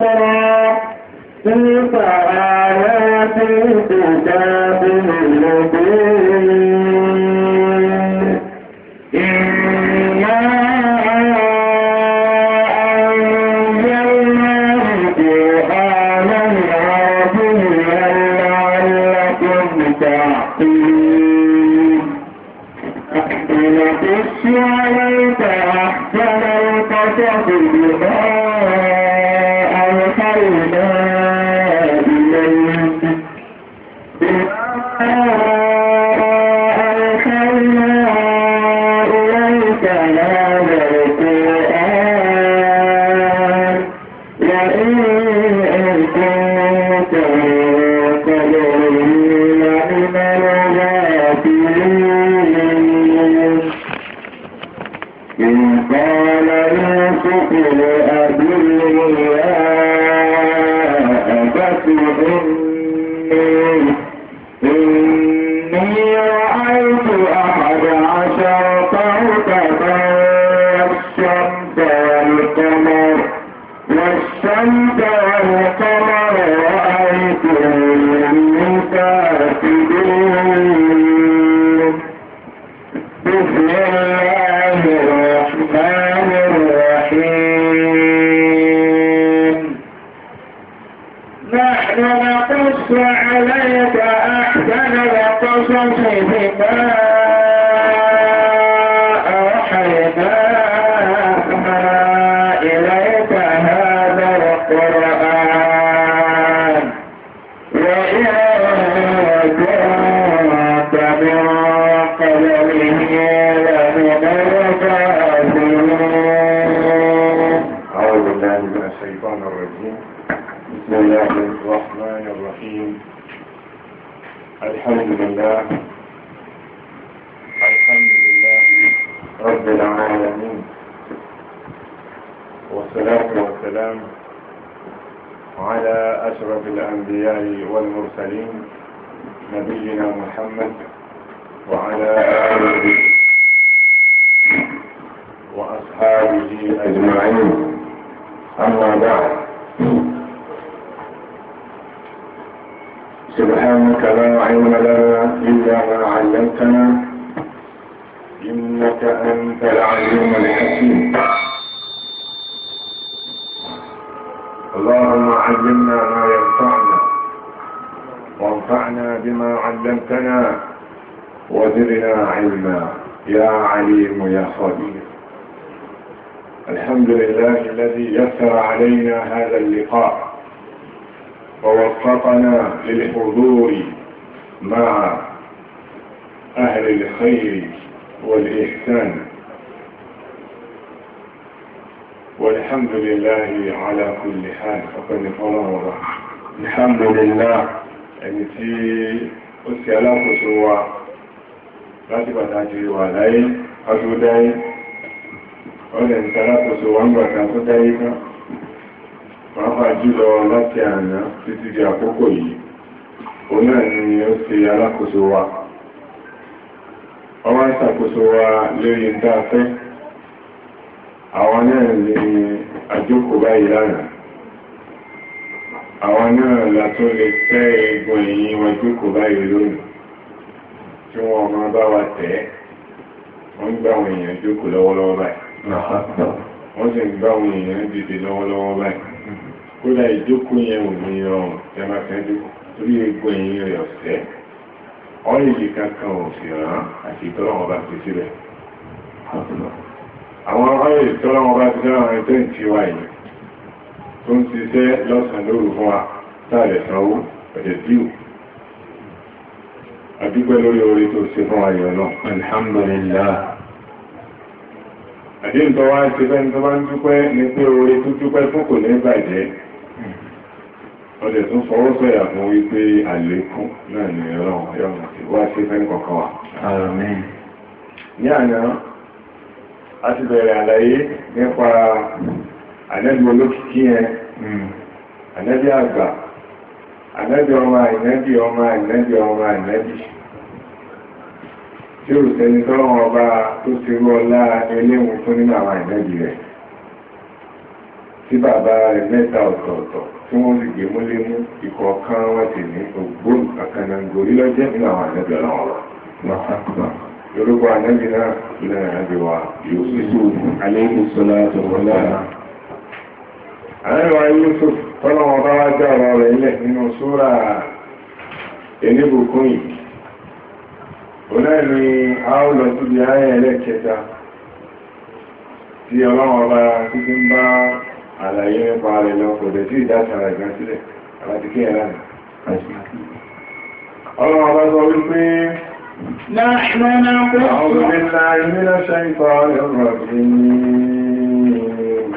ترى تلك آيات الكتاب المبين الأنبياء والمرسلين نبينا محمد وعلى آله وأصحابه أجمعين أما بعد سبحانك لا علم لنا إلا ما علمتنا إنك أنت العليم الحكيم اللهم علمنا بما علمتنا وزرنا علما يا عليم يا خبير الحمد لله الذي يسر علينا هذا اللقاء ووفقنا للحضور مع أهل الخير والإحسان والحمد لله على كل حال فقد فرغ الحمد لله ẹni tí ó sì alákòóso wa láti pàtàkì wà láyé ọdún dáyé ọdún ẹni tí alákòóso wa ń gbàtà tó dáyé kan pàápàá jùlọ láti àná títí di àkókò yìí òun náà ni ó sì alákòóso wa ọwá ń wa lórí dáafẹ́ àwọn náà ni àjókòó báyìí lánàá àwọn náà la tó lè tẹ́ egun ẹ̀yìn wọn jókòó báyìí lónìí tí wọ́n máa bá wa tẹ́ wọ́n ń gbá àwọn èèyàn jókòó lọ́wọ́lọ́wọ́ báyìí wọ́n sì ń gbá àwọn èèyàn dìde lọ́wọ́lọ́wọ́ báyìí kódà ìjókòó yẹn ò ní ọrùn tẹ́ máa fẹ́ jókòó torí egun ẹ̀yìn rẹ̀ ọ̀sẹ̀ ọ́yìnlì kankan ò sì rán àti ìtọ́lọ́wọ́n bá ti síbẹ̀ àwọn ọ́yìnlì tọ́lọ́wọ́n bá ti síbẹ̀ àwọn ẹgbẹ́ ìtiwá yìí tó ń ṣiṣẹ́ lọ́sàn lóru fún wa táàrẹ̀ sanwó ẹ̀dẹ̀ díù àdúgbẹ́ lórí orí tó ṣe fún ayọ̀ náà alhamdulillah àdín tó wá ṣe fẹ́ tó bá ń dúpẹ́ ní pé orí tó dúpẹ́ fún kò ní bàjẹ́ ọdẹ̀ tó fọwọ́ sọ̀yà fún wípé àlékún náà ní ọlọ́run ayọ̀ wá ṣe fẹ́ kọ̀ọ̀kan wa àmín ní àná a ti bẹ̀rẹ̀ ànẹ́bí olókìkí yẹn hmm, ànẹ́bí àgbà ànẹ́bí ọmọ àìnẹ́bí ọmọ àìnẹ́bí ọmọ àìnẹ́bí tí ó sẹ́ni tọ́wọ́n ọba tó ti rú ọlá eléhun fún nínú àwọn àìnẹ́bí rẹ̀ tí bàbá rẹ̀ mẹ́ta ọ̀tọ̀ọ̀tọ̀ tí wọ́n sì gbé múlé mú ikọ̀ kan wọ́n ní ògbón nínú àwọn Yorùbá ànẹ́bí náà àlẹ́wà Yusuf tọ́lọ́wọ́ bá ọrụ jẹ́ ọ̀rọ̀ rẹ̀ ilẹ̀ nínú súra eníbùkún yìí onáìlú a ó lọ síbi ẹlẹ́kẹta tí ọlọ́wọ́ títí ń bá àlàyé nípa rẹ̀ ìgbà sílẹ̀ àti kí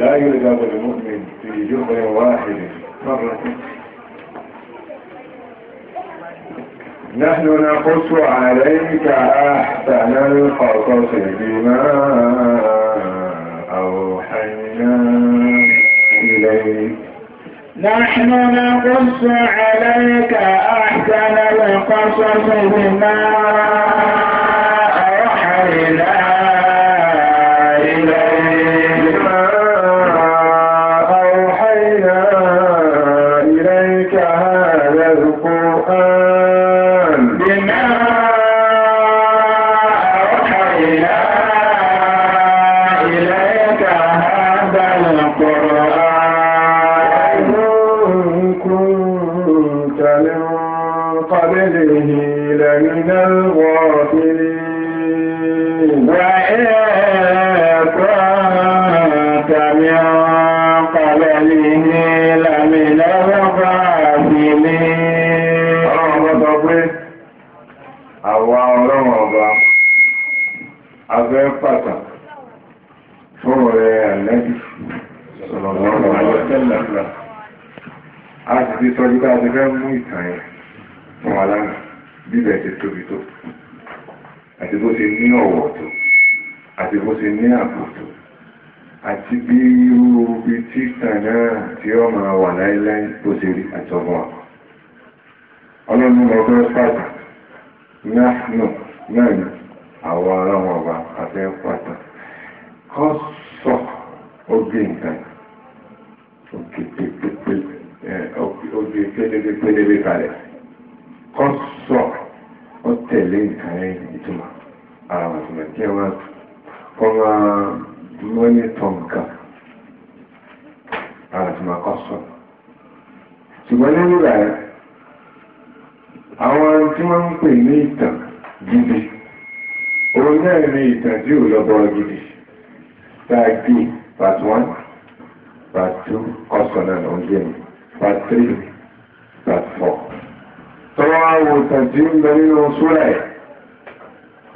لا يوجد المؤمن في جبر واحد مرة نحن نقص عليك أحسن القصص بما أوحينا إليك نحن نقص عليك أحسن القصص بما ti tọ́jú bá ti fẹ́ mú ìtàn yẹn fún wa lánàá bíbẹ̀ ti tóbi tó àti bó ṣe ní ọ̀wọ̀ tó àti bó ṣe ní àpò tó àti bí irú bí títà náà tí ó máa wà láíláí bó ṣe rí àti ọmọ àpò ọlọ́run lọ fẹ́ pàtà náà náà ni àwọn ará wọn bá afẹ́ pàtà kọ́ sọ ó gbé òkè pépé pélébé pélébé kalẹ̀ kọ́ sọ ọ tẹ̀lé nǹkan ẹ̀ ìtumọ̀ ara wọn tó máa jẹ́ wọn kọ́ máa mọ́ni tọ̀ nǹkan ara tó máa kọ́ sọ. ṣùgbọ́n lẹ́yìn ìgbà yẹn àwọn tí wọ́n ń pè ní ìtàn gidi òun náà ní ìtàn tí ò lọ́bọ̀ gidi tá a gbé part one part two kọ́sọ̀ náà ló ń mi part three kàfọ̀ tọ́wọ́ àwọn tàbí ń bẹ nínú súrà ẹ̀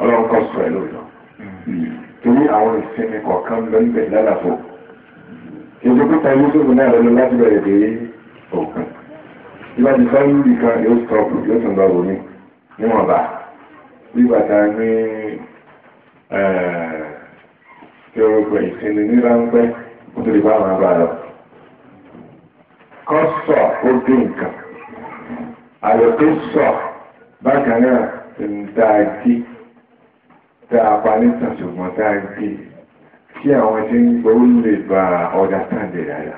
ọlọ́kọ̀ sọ ẹ̀ lóòótọ́ torí àwọn ìsinmi kọ̀ọ̀kan bẹ ń bẹ lálàfo ìdókítà Yusuf náà lọ láti bẹ̀rẹ̀ dé òkun ìbájú sáré nìkan yóò sọ̀pù yóò tún lọ wòmí níwọ̀n bá bí bàtà ní tí orúkọ ìsinmi ní ráńpẹ́ nítorí bá wọn bá lọ kọ́sọ̀ ó dín nǹkan àlòkè sọ bákan náà ntàdí tá a pa ní tàṣùgbọ́n tá a gbé kí àwọn tí ń gbọ́ lè ba ọ̀dà tàǹdè rárá.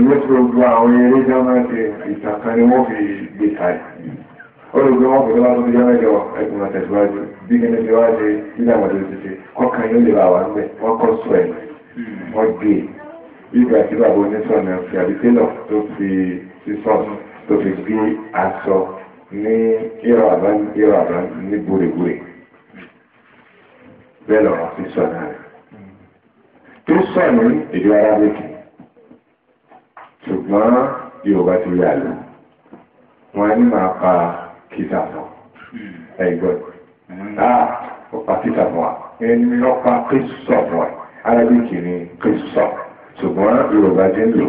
Ìwé tí gbogbo àwọn eré dáná ṣe ìtàkàn ni wọ́n fi gbé kalẹ̀. Olùgbé wọn kò tó bá tó fi yọ́mẹ́jọ ẹ̀kùn àtẹ̀síwájú bí kí ní fi wá ṣe nígbà wọn tó ti ṣe kọ́kàn yóò lè bá wà níbẹ̀ wọ́n kọ́ sọ ẹ̀ wọ́n gbé. Bí ìgbà tí bàbá oníṣọ̀nà fi àbí télọ̀ tó fi sísọ tó fi gbé aṣọ ní ìrọ̀ àbá ìrọ̀ àbá ní gbòrègbòrè bẹ́ẹ̀ lọ́rọ̀ sísọ náà rẹ̀. tó sọ ní èdè arábíkì ṣùgbọ́n yorùbá ti yà lọ wọn ní máa pa kìtà fún ẹgbẹ́ mm-hmm. ah ó pa kìtà fún wa ẹni lọ́pa kìsọ̀ fún wa arábíkì ni kìsọ̀ ṣùgbọ́n yorùbá ti ń lò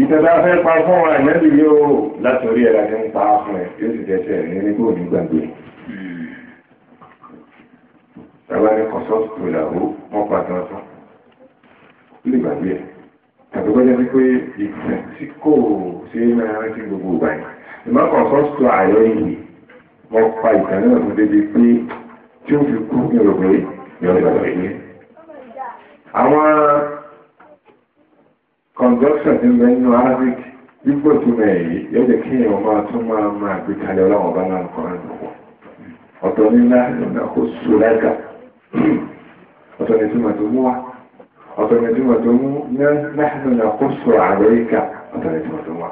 ìtẹ̀ta fẹ́ pa fún ọ̀rọ̀ ìmẹ́bí yóò láti orí ẹ̀rọ ti ń pa fún ẹ̀ yóò sì tẹ̀sẹ̀ ní nígbò ní gbàgbé. Bàbá ní kọ̀sọ́ọ̀tù ìlàwó wọ́n pa tán tán. Ó lè gbàgbé ẹ̀. Tàbí kọjá sí pé ìtẹ̀ tí kò ṣe é máa rántí gbogbo ìgbà yìí. Ìmọ̀ kọ̀sọ́ọ̀tù ààyè yìí wọ́n pa ìtàn náà tó débi pé tí ó fi kú ní òròpé yọ̀ọ́ conjunction dị the bẹ nínú Arabic gbígbó túmọ̀ èyí yóò jẹ́ kí èèyàn máa wa ọ̀tọ̀ ní túmọ̀ tó mú náà kó so àlẹ́yìká ọ̀tọ̀ ní túmọ̀ tó mú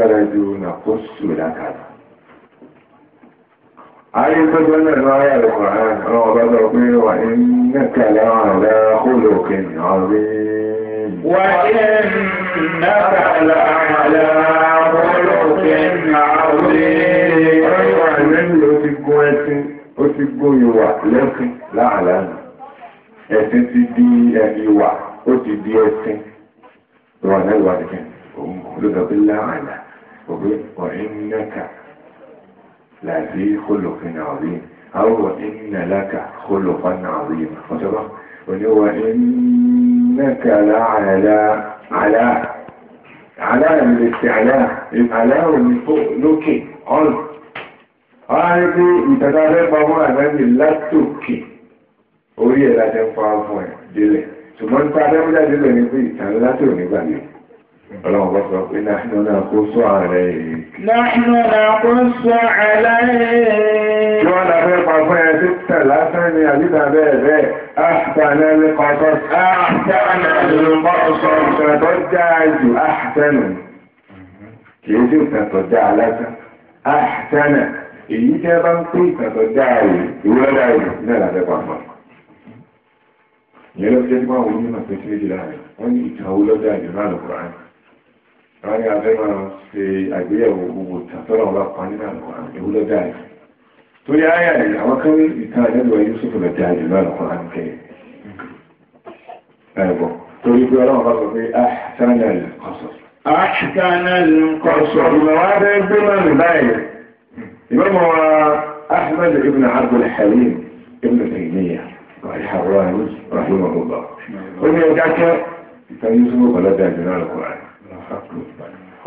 wa na ayé tó jẹ́ mẹ́rin ayé àlùkò àwọn ọba sọ pé wà ní mẹ́kàlẹ́ àwọn ọ̀dá kólò òkè ọ̀rí wà ní mẹ́kàlẹ́ àmàlà kólò òkè ọ̀rí ọ̀rọ̀ àmẹ́rin ó ti gún ẹṣin ó ti gún ìwà lẹ́sìn láàlánà ẹṣin ti di ìwà ó ti di ẹṣin ìwà lẹ́wà nìkan òun ló sọ láàlá òwe ọ̀rí mẹ́kàlẹ́ làbí kólòfin àwí àwọ̀ iná láka kólòfin àwí ọ̀sọ́bọ̀ oníwà ináka láàrẹ̀lá àlá àlá ìrìnlẹ̀sì àlá àlá òní lókè ọ̀nà ọ̀rẹ́ pé ìtàdá rẹ̀pọ̀ fún àgbẹ́bì látòkè orí ẹ̀ láti ń pa fún ẹ̀ délẹ̀ ṣùgbọ́n nípa abẹ́mújáde lọ ní pé ìtàn látòkè nígbà yìí Ọlọ́run bá sọ pé láàrín náà kó sọ ààrẹ Láàrín náà kó sọ ààrẹ yìí. wọ́n lábẹ́ pàpẹ́ ẹ ti tẹ̀ lásán ni àbíta Kìí sí lásán. èyí bá ń pín wọ́n ní abẹ́ máa ṣe àgbéyẹ̀wò gbogbo ìtàtọ́nà ọba kan nínú àwọn àdéhùn lọ́jà rẹ̀ torí ayà rẹ̀ àwọn kan ìta àdẹ́gbẹ̀wá Yusuf lọ́jà rẹ̀ lọ́nà kan á ń kẹ́ ẹ̀bọ̀ torí pé ọlọ́run bá sọ pé àṣánà ìkọsọ̀ àṣánà ìkọsọ̀ ìmọ̀wá rẹ̀ gbé máa nù báyìí ìmọ̀mọ̀ wa Ahmad ibn Abdul Halim ibn Taymiya rahimahullah ó ní ọjà kẹ́ ìtàn Yusuf lọ́jà rẹ̀ lọ́nà kan á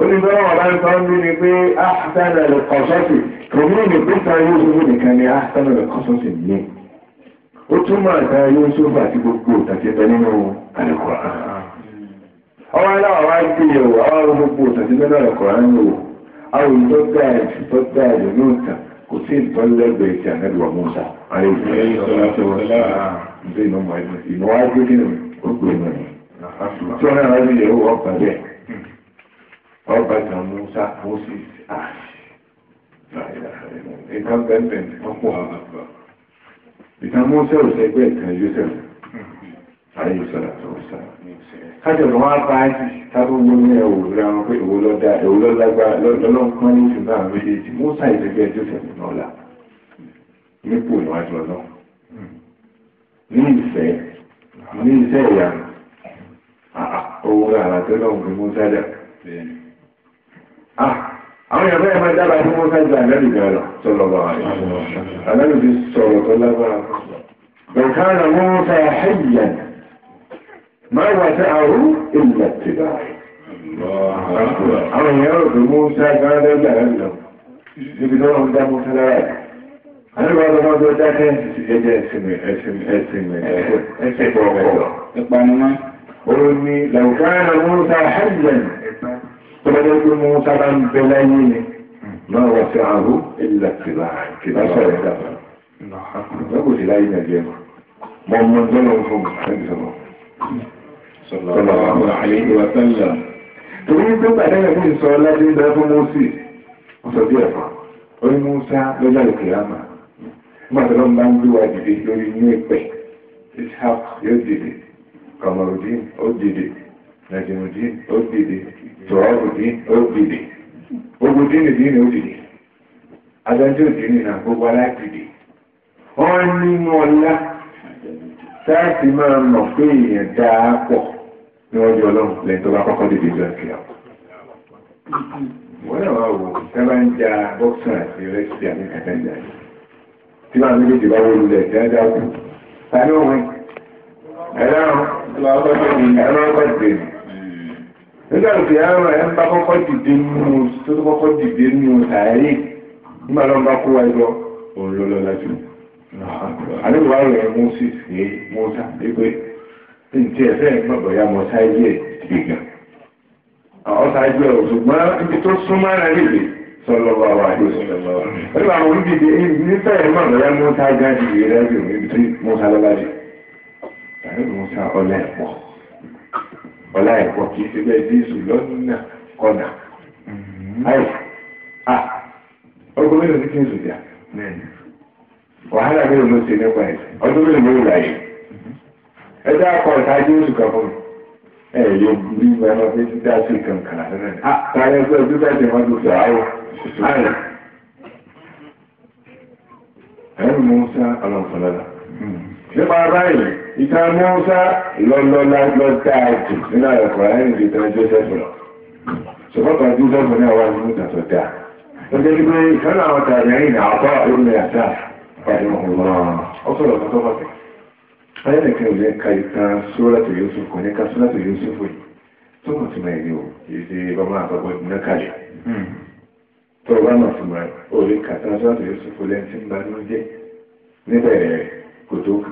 onígbọ́n wà láti sọ ní ni pé áhàtánà lè kọ̀sọ́sì tòmí ní pípa Yúsúfù nìkan ni áhàtánà lè kọ̀sọ́sì ní ó túmọ̀ àtà Yúsúfù àti gbogbo tàtẹ́tẹ́ nínú àlẹ́kọ̀ọ́ ọwọ́ aláwọ̀ wá gbé yẹ̀wò àwọn gbogbo tàtẹ́tẹ́ náà lẹ́kọ̀ọ́ ní wò àwọn ìtọ́gbà ìtọ́gbà ìlú ní òkà kò sí ìtọ́lẹ́gbẹ̀ẹ́ ti ànẹ́dùwà Mùsà ọba kan musa moses ashi ìtàn bẹ́ẹ̀ ọ̀pọ̀ àgbà ìtàn musa ò sẹ́gbẹ́ ìtàn Joseph ayé sọ̀rọ̀ tó sà kájọ ló wá bá yìí tábí wo ní ẹwò rẹ wọn pé èwo lọ́dá èwo lọ́lágbá lọ́lọ́pọ́n ní ìṣúná àwọn méjèèjì musa ìsẹ́gbẹ́ Joseph náà là nípò níwájú ọlọ́run ní ìfẹ́ ní ìfẹ́ ìyá owó rẹ̀ àlàtẹ́lọ́gbọ̀n mọ́sálẹ̀ لو كان موسى حيا ما وسعه الا اتباعه الله موسى كان لا يعلم يجي موسى حيا tọ́lọ́dẹ́ pé mo sábà ń bẹ láyé ni máa wà sí àhó ìlà tìlà kìlá sọ̀rọ̀ dàbà lọ́kùn sí láyé nàìjíríà mọ mọ tọ́lọ́ fún àrẹ́bí sọ̀rọ̀ sọ̀rọ̀ àwọn àyẹ̀wò àtàlà torí pé pàdé ẹ̀kú ìsọ láti ń bẹ fún mọ́sì ọ̀sọ̀ bí ẹ̀fọ́ orí mọ́sá lọ́jà lè kìlá mà nígbà tó bá ń gbé wa dìde lórí inú ìpẹ́ ìṣàkóso yóò dìde kọ̀mọ̀rọ̀dín ó dìde nàìjíríà ó dìde tòrọ́bùdí ó dìde gbogbo dínì dínì ó dìde adájọ́ dínì náà gbogbo aláìdìde wọ́n nínú ọlá sáàtì máa mọ̀ pé èèyàn dáa pọ̀ níwájú ọlọ́run lẹ́yìn tó bá kọ́kọ́ dìde ìjọ ìkìlá wọ́n náà wá wò ṣé bá ń ja bọ́ksà àti rẹ́sì àti kàtà ìjà yìí tí máa méjèèjì bá wọ́n lulẹ̀ dáadáa kù ta ni ó wí ẹ̀rọ ọlọ́pàá ẹ̀rọ ọlọ́pàá nígbà tó yà rán ẹ ń bá kọ́kọ́ dìde nù tó tó kọ́kọ́ dìde nù sàárè nígbà tó ń bá kó wa lọ òun lọ lọ lájú àdébò àwọn ẹ̀ mú sí ṣe mú sá pépé ntí ẹ fẹ́ mọ̀ bọ̀yá mọ̀ sáyé ẹ̀ dìgbà ọ̀sá ẹgbẹ́ òṣùgbọ́n ibi tó súnmọ́ ara rẹ̀ lè sọlọ́wọ́ àwọn àdéhùn ẹgbẹ́ àwọn olùdíje nífẹ̀ ẹ̀ mọ̀ bọ̀yá mú sá gáàdì rẹ̀ rẹ̀ bí òun ibi tí mú sá ọ̀la ẹ̀kọ́ kìí ṣe bẹ́ẹ̀ jésù na kọ́nà. Mhm. ayé a ọgbọ́n mélòó ní kí n sùn jà wàhálà mélòó ló ṣe nípa ẹ̀ ọdún mélòó mélòó là yẹ. ẹ dá akọ ọ̀tá jésù kan fún mi ẹ yóò sí kankan a ẹgbẹ́ bá ti tó ìtàn mọ́sá lọ́lọ́lá lọ́dá àjù nínú àyọ̀kọ̀ láyé ìtàn joseph ṣùgbọ́n kan joseph náà wà nínú ìtàn dáa ó jẹ́ pé sọ́nà àwọn tàbí ẹ̀yìn náà ọ̀pá omi àṣà pàdé ọ̀hún ọ sọ̀rọ̀ tó tọ́ pàtẹ́ ayé hmm. lẹ́yìn tí ń bá ní ó jẹ́ níbẹ̀rẹ̀ kò tó kà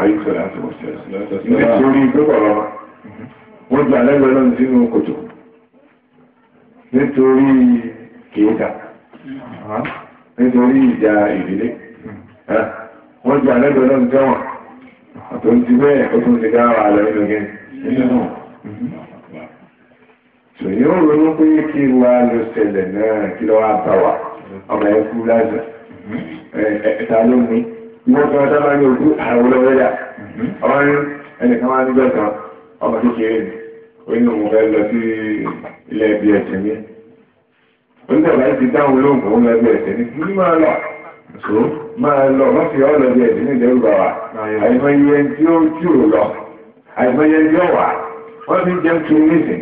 àyíkọ̀ láti wọ̀ṣẹ̀ nítorí pẹ́pọ̀lọ́ wọ́n jẹ́ alẹ́gbẹ̀ẹ́ lọ́nà sínú kòtò nítorí kèéta nítorí ìjà ìdílé wọ́n jẹ́ alẹ́gbẹ̀ẹ́ lọ́nà tẹ́wọ̀n àtò ń ti bẹ́ẹ̀ ó tún ti dára alẹ́ nínú gẹ́ sòyìn ó ronú pé kí wá ló ṣẹlẹ̀ náà kí lọ́wọ́ àbáwà ọmọ ẹkú lásán ẹ̀ẹ́ta ló ní ìwọ́n tí wọ́n sábà ní ojú àwọn olówóyà ọmọ ní ẹnìkan wá níbẹ̀ kan ọmọ kékeré onínú mo fẹ́ lọ sí ilé ẹbí ẹ̀sẹ̀ mi onígbàgbà ti dáhùn lóhùn òun lọ bí ẹ̀sẹ̀ ní kí máa lọ so máa lọ má fi ọ́ lọ bí ẹ̀sẹ̀ ní ìdẹ́rù bàwà àìmọye tí ó tí ò lọ àìmọye tí ó wà wọ́n ti jẹun tún nísìn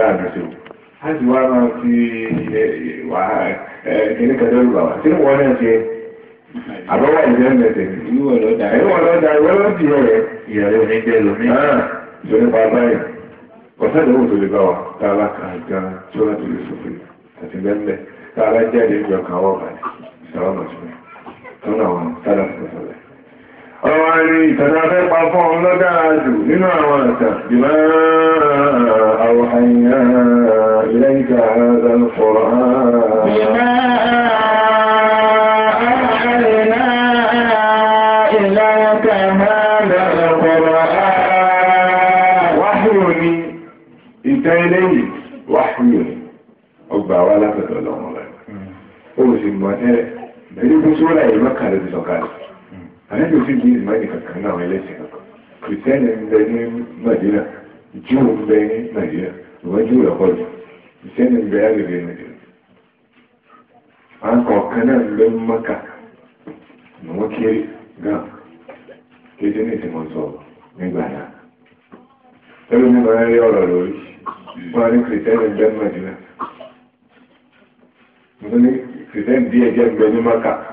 máa ti láti wá máa fi wà kíní kan lórí bàbá sínú wọn náà ṣe àbọ̀wọ̀ ìjẹ́ mẹ́tẹ̀ ìlú wọn lọ́dà ìwọ́n lọ́dà ìwọ́n lọ́dà ìrẹ̀lẹ̀ ìyàrá òní jẹ́ lómi. sọ nípa báyìí ọ̀sẹ̀ ìdánwò tó lè bá wa tá a bá kà á gan tí wọ́n ti lè sọ̀fẹ́ àti bẹ́ẹ̀ tá a bá jáde ìjọ kan wọ́n balẹ̀ sọ̀rọ̀ mọ̀ sí mi tọ́nà wọn tálà fún ọ̀sẹ̀ ọwọ́ ni ìtàdá fẹ́ pa fún ọmọ lọ́gára jù nínú àwọn àtà ìmá àwòhànyà ilẹ̀ ìkà àádọ́lùfọ́rọ̀ Ọgbà wa látọ̀tọ̀ lọ́wọ́ rẹ̀. Ó sì mọ̀ ẹ́ ẹ̀rí kú sóra ìmọ́kàlẹ̀ ti sọ̀kalẹ̀. àlejò sì bí ìmáyì kankan náà ẹlẹ́sìn kankan kìrìsìtẹ́nì na bẹ ní màdínà jù ń bẹ ní màdínà ìwọ́n jù lọ́pọ̀ jù kìrìsìtẹ́nì ń bẹ àgbègbè màdínà àwọn kọ̀ọ̀kan náà ń bẹ mọ́kà wọ́n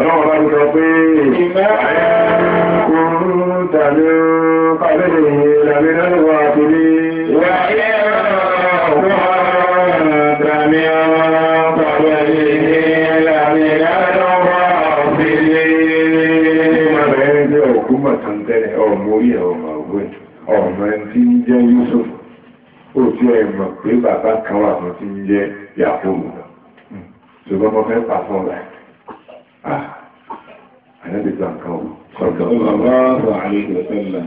Ọlọ́run bá jọ pé ìgbà kòrò tàbí pàdé ìlàmínà wà fi ní wà ní ọ̀pọ̀ tàbí pàdé ìlàmínà wà fi ní mọ̀rẹ̀ ní ọkú mọ̀tàntẹ́lẹ̀ ọmọ orí ọmọ Yusuf ó tí ẹ mọ̀ pé bàbá kan wà tó ti ń jẹ́ Yakubu ṣùgbọ́n mo fẹ́ pàfọ́n rẹ̀ ànábì gba nǹkan ọ̀hún. Sọ̀tọ̀lọ́wọ́ àlejò sẹ́lẹ̀.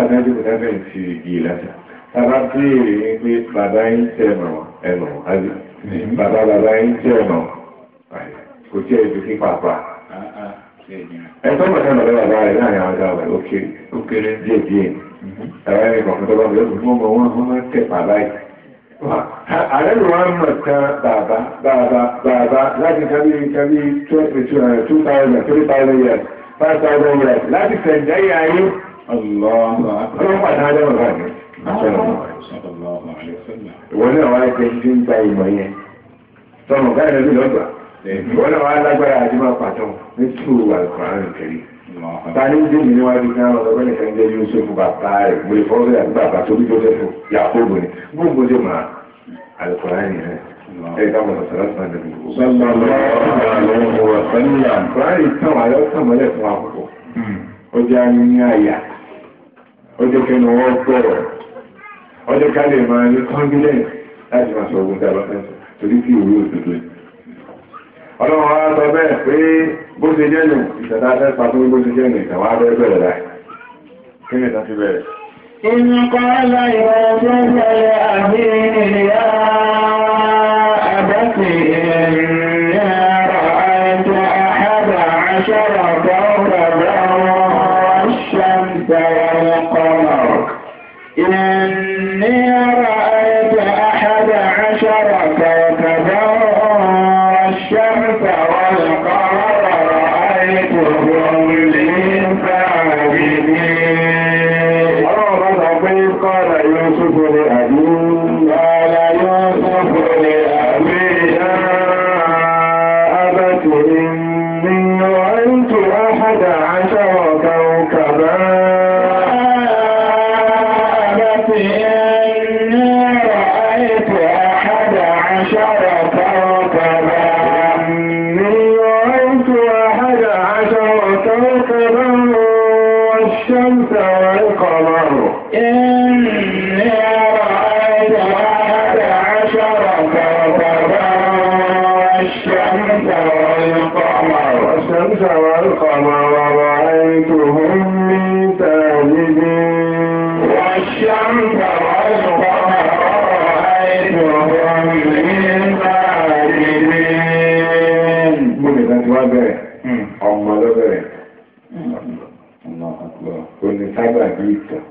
Ànábì kò dábẹ́ fi igi lẹ́sà. Bàbá béèrè ní pé bàbá yín tẹ̀ ẹ̀mọ̀ ẹ̀mọ̀ àbí. Bàbá bàbá yín tẹ̀ ẹ̀mọ̀ kò tí ẹ̀ dùn kí pàápàá. Ẹ̀tọ́ mọ̀ sẹ́nu ọ̀dọ́ bàbá láàrin àwọn ọ̀dọ́ rẹ̀ ó kéré díẹ̀ díẹ̀. Mhm. Bàbá yẹn kọ̀ọ̀kan tó bá bẹ̀rẹ̀ àrẹ́lù wọn mọ̀ kan bàbá bàbá bàbá láti kábí kábí two thousand three thousand years five thousand years láti sẹ̀ǹdẹ́ yà ayé ọlọ́run pàtàkì àdéhùn rẹ̀ ní. ìwọ ẹgbẹ́ tí ń gba ìmọ̀ yẹn tọmọ káyọ̀ lọ́gbà ìwọ náà wá lágbára àdìmọ̀ pàtó ní two alukọ̀rán kiri tani ń dèmi níwájú kí wọn lọ bẹ́ẹ̀ nìkan jẹ́ Yusuf bàbá rẹ̀ mo lè fọwọ́ bẹ́ẹ̀ bàbá tó bí Joseph Yakubu ni gbogbo dè máa alukóra ni ẹ ẹ ká mọ̀ sọ̀rọ̀ sọ̀rọ̀ dẹ̀bi. sọ́nà lọ́wọ́ sọ́nà kúránì tán àyọ̀ tán mọ́lẹ̀ fún àkókò ó jẹ́ àyín ní àyà ó jẹ́ kẹ́nu wọ́n gbọ́rọ̀ ó jẹ́ ká lè máa ní confidence láti máa sọ ogun tí a bá fẹ́ sọ torí kí ìwé òdodo yìí ọlọ́run wá sọ bẹ́ẹ̀ pé bó ṣe jẹ́ nù ìṣẹ̀dá tẹ́sà fún bó ṣe jẹ́ nù ìṣẹ̀wá bẹ́ẹ̀ bẹ̀rẹ̀ láì kí ni ìtàfi bẹ̀rẹ̀ إن قال يوسف الشمس والقمر رأيتهم من ساجدين من الأجوابة ọmọ lọ́bẹ̀rẹ̀ òní sábà bí ìtàn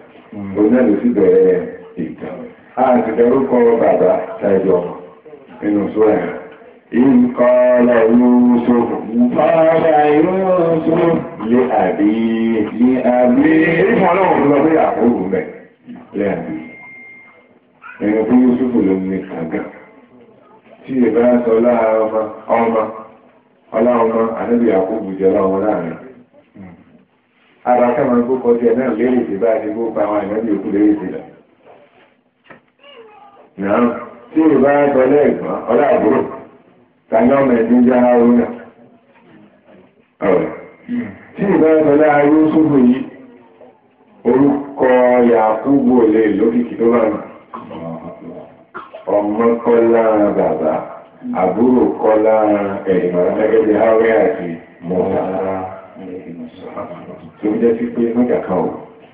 òní àlò sí bẹ̀rẹ̀ ìtàn a ti dárúkọ bàbá tàìjọ nínú sóra ìkọlẹ̀ yóò Fọ́lá yóò sọ lé àbí lé àbí. Ìfọ́lọ́wọ̀n lọ bí àkóhùn mẹ́. láàrin ẹni tó Yúsúfù ló ní kàgá tí ìbá sọ láàrọmọ ọmọ ọláọmọ ànábì àkóbù jẹ láàrin ara kẹwọn tó kọ náà bá a ti kó pa àwọn ànábì òkú lérè sí náà tí ìbá sọ lẹ́ẹ̀gbọ́n ọlá àbúrò tàbí ọmọ tí ìbá sọ orúkọ yàkúgbò lè lókìkí tó bá ọmọ kọ́ lára bàbá àbúrò kọ́ lára ẹ̀yìnmọ̀ bí àti mọ̀lára tó jẹ́ sí pé mọ́jà kan ò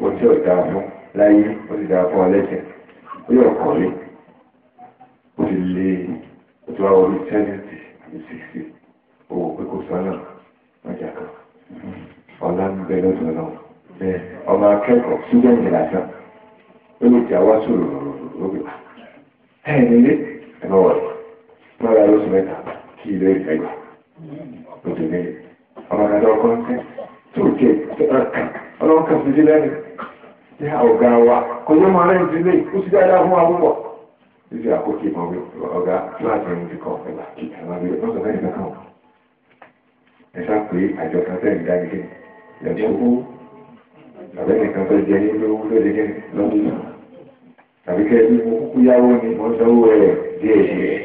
ó tí ọ̀dà fún láyé ó sì dáa fún ọlẹ́sẹ̀ ó kọ́lé ó lé orí àti ọmọ akẹ́kọ̀ọ́ sídẹ̀ǹtì lásán ó lè wá sọ̀rọ̀ lórí ẹ̀ nílé lọ́la lóṣù mẹ́ta kí ilé ìgbà ọmọ ń tẹ́ tó ọlọ́wọ́ kan fi dílé wa kò yẹ ìdílé sì dáadáa fún wa púpọ̀ títí àkókò ìmọ̀ mi ọ̀gá láti ti kọ́ kí ẹ̀ sá pé àjọ kan tàbí nìkan tó jẹ yín lówó ló lè gẹ́ni lọ́dún tàbí kẹ́ bí mo kúkú yáwó ni mo sanwó ẹ̀ díẹ̀ díẹ̀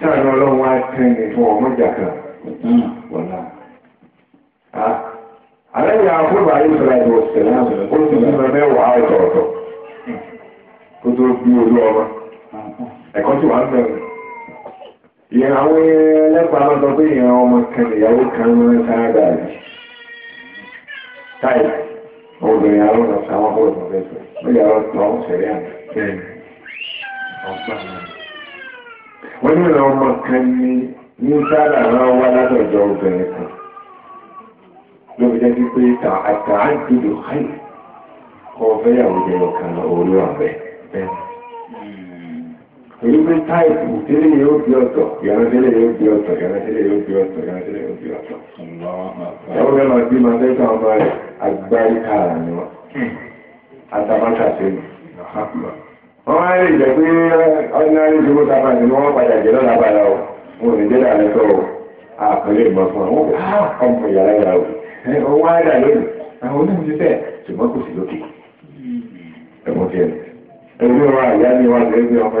sáànù ọlọ́run wá tẹ́ ni fún ọmọ ìjà kan wọ̀nà. àlẹ́yìn àkókò ayélujára ìwọ̀ sẹ̀lá ó ti bímọ mẹ́wàá ọ̀tọ̀ọ̀tọ̀ kó tó bí olú ọmọ ẹ̀kọ́ tí wàá mẹ́rin ìyẹn àwọn ẹlẹ́pàá lọ́dọ̀ pé ìyẹn ọmọ kan ìyàwó kan ló ń sáábà yìí táì obìnrin arúgbó sáwọn bóòlù ọ̀fẹ́ fẹ́ ó yà ọ tọ́ sẹ̀rí àná wọ́n ní ìlànà ọmọ kan ní ní sáàlà máa wá látọ̀jọ́ obìnrin está ló fi jẹ́ sí pé ta àtàádùn ló hàn kọ́ fẹ́yàwó jẹ́ ọ̀kan olú àbẹ́ bẹ́ẹ̀. èyí pé táìpù tẹ́lẹ̀ yóò di ọ̀tọ̀ ìyàrá-tẹ́lẹ̀ yóò di ọ̀tọ̀ ìyàrá-tẹ́lẹ̀ yóò di ọ̀tọ̀ ìyàrá-tẹ́lẹ̀ yóò di ọ̀tọ̀ ẹwọ́n fẹ́ lọ bí máa tẹ́tọ̀ ọmọ rẹ̀ agbáríkà ni wọ́n atabata sẹ́nu wọ́n á lè jẹ́ pé ọ̀nà ìdíwó tábà ni wọ́n padà jẹ́ lọ́la bàlá o wọn ò ní jẹ́ dàlẹ́ tọ́ o àpẹẹrẹ ìmọ̀ fún àwọn ọmọ ìyàrá yàrá o wọ́n á dà lónìí àwọn onímọ̀ ṣùgbọ́n kò sí lókè ẹ̀mọ́ fẹ́ẹ́ ẹ̀mí wọn àyà ni wọn lè gbé ọmọ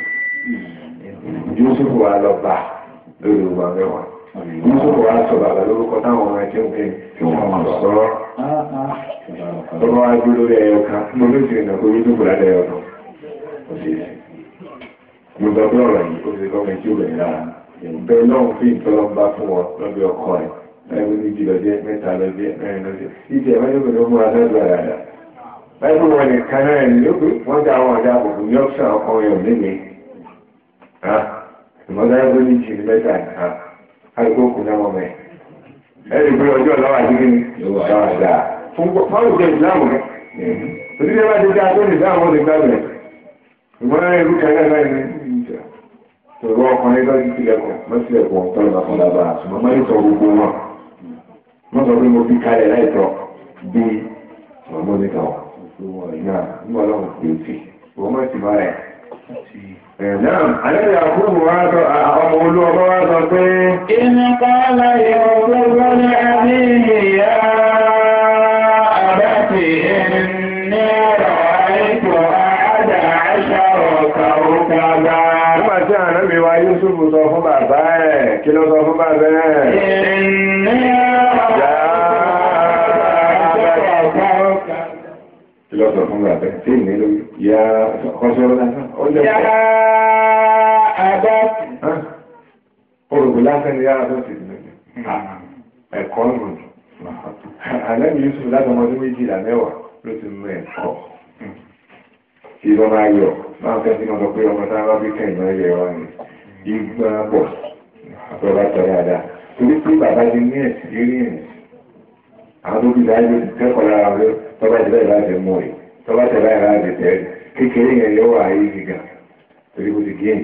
Yusuf wa lọ bá lórí ìwà mẹ́wàá. Yusuf wa sọ bàbá lórúkọ táwọn ọmọ ẹkẹ òkè tí wọ́n sọ lórí ẹyọ kan tó ti rìnà lórí Yusuf lálẹ́ ẹyọ kan. Ó sì ṣe. Mo yìí ó ti kọ́ mi tí ó bẹ̀rẹ̀ lára. Bẹ́ẹ̀ lọ́hùn fún ọ lọ́bẹ̀ ọkọ rẹ̀. Báyọ̀ ní ìjìlọ jẹ́ mẹ́ta lọ jẹ́ mẹ́rin lọ jẹ́. Ìjẹ́ wáyé kò tó múra lọ́dọ̀ àdá. Báyọ̀ wọn nìkan náà ni ó pé wọ́n dá àwọn ọ̀dà àbùkù ní ọ̀sán ọkọ rẹ̀ ò nílé ìmọ̀lá ẹgbẹ́ ní ìṣèlú mẹ́ta àgbẹ̀ òkú náà wọ́n mẹ́. ẹ̀rì pé ọjọ́ ọ̀la wà sígi ni ọ̀la dà fún fáwọn ìjọ ìsìláàmù rẹ̀ òtí lè má ti dá tó ìsìláàmù ọ̀dẹ̀ gbà rẹ̀ ìmọ̀lá ẹgbẹ́ kan náà náà ní ìjà tòrọ ọkùnrin lọ́jọ́ tilẹ̀kùn mọ́sílẹ̀kùn tọ́lù àfọlábà àtùmọ̀ má yóò tọ gbogbo wọn wọ́n sọ pé mo bí kalẹ̀ láìtọ́ bí ọmọ níta wọn náà ń bọ̀ lọ́wọ́ pé ó ti wọ́n mọ̀ sí mọ́ rẹ̀. Àlẹ́bí àkúrò wá sọ ọmọ olú ọmọ wá sọ pé, Ìní kọ́lá yóò gbogbo ní àbí ìyá àbẹ́fì ní ọ̀rọ̀ àìkò àádà àṣà ọ̀kà òkà bá. Nígbà tí ànábì wa Yúsùfù sọ fún bàbá Tí ìní ló yá ọ̀kọ́ náà Yá àbáàtì. Orògbò lásán ni yára tó ti dùn ní. Ẹ̀kọ́ nù. Àlẹ́mi Yusuf látọmọdé méjìlá mẹ́wàá ló ti mú ẹ̀kọ́. Hmm. Ìbọn máa yọ, máa fẹ́ sí ọmọ pé ọmọ táwọn bí kẹ́yìn ọ̀yẹ̀ wa ni. Ìgbà bọ̀, ọba tọ́ dáadáa. Torí pé bàbá ti ní experience. Àwọn tó bí láyé ti kẹ́kọ̀ọ́ lára rẹ̀ tọ́ba tẹ̀lé ìlàjẹ̀ mú rẹ̀, tọ́ba tẹ̀lé ìlàjẹ̀ kékeré yẹn yọ wà ayé gíga torí kò ti gé ẹ̀.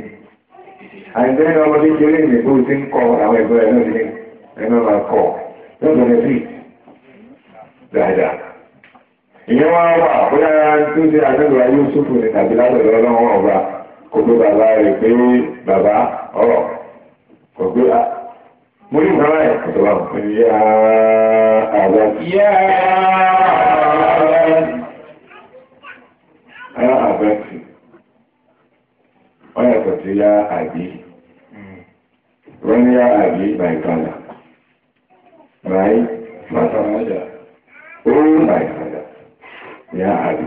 àìsàn ẹ̀rọ ọmọ kékeré yẹn tó ti ń kọ àwọn ẹ̀gbọ́n ẹ̀ ní máa lọ́dọ̀ rẹ̀ dáadáa. ìyẹn wà bóyá tó ṣe àtẹ́lù ayé ní tàbí látọ̀dọ̀ ọba kò bàbá rẹ̀ pé bàbá ọ̀rọ̀ kò gbé ya abati wọ́n yàtọ̀ ya àbí wọ́n ní ya àbí my father my father oh my father ya àbí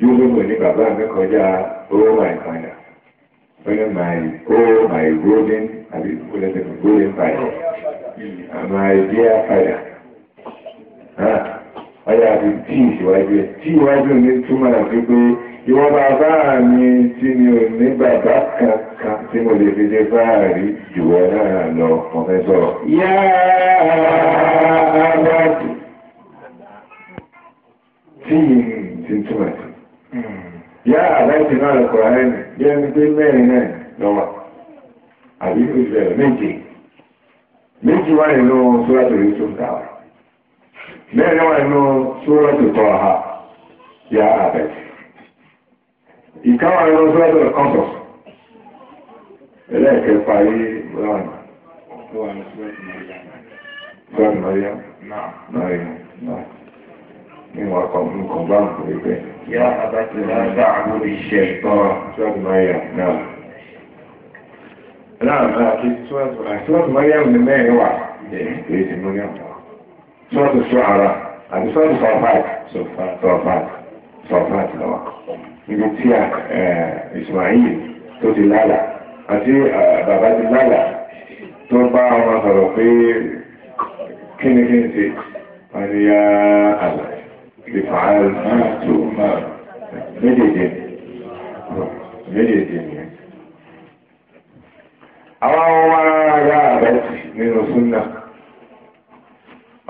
yóò ló mọ̀ ní bàbá mi kọjá oh my father wọ́n by my oh my golden àbí golden golden hmm. father my ọ̀yà àti tí ìṣíwájú ẹ̀ tí ìwájú ní túmọ̀ àti pé ìwọ́n bàbá mi tí mi ò ní bàbá kankan tí mo lè fi dé fáàrí jùwọ́ náà lọ pọ̀fẹ́sọ̀. yá abájú tí ti túmọ̀ sí. yá abájú náà lọ́kọ̀ ara ẹni bí ẹni pé mẹ́rin náà lọ́wọ́ àbí ìfẹ́ méje méjì wà nínú sọ́dọ̀ tó rí tó ń kà wá bẹ́ẹ̀ ni wọ́n inú sóra tó tọ́ ha yá àbẹ̀. ìkáwọn inú sóra tó kàn sọ. ẹlẹ́ẹ̀kẹ́ parí bọ́lá Sọ́ra tó Mọ́ríyá. Mọ́ríyá. Ní wọn kọ̀ mú kọ̀ bá ń pè bẹ́ẹ̀. Yá àbátí náà dá àwọn iṣẹ́ ìtọ́ sọ́ra tó Mọ́ríyá náà. Láàrín àti sọ́ra Mọ́ríyá ní mẹ́rin wà. Èyí ti Mọ́ríyá sọ́ọ̀tù ṣọ́ọ̀rà àti sọ́ọ̀tù sọ̀fàt sọ̀fàt lọ́wọ́ níbi tí eh, Ismail tó ti lálà àti eh, bàbá ti lálà tó bá wọn sọ̀rọ̀ pé kíni kí n ṣe àríyá àlà ìfààl náà tó máa méjèèjì méjèèjì nìyẹn. àwọn ọmọ ara rà bẹ́ẹ̀ nínú súnà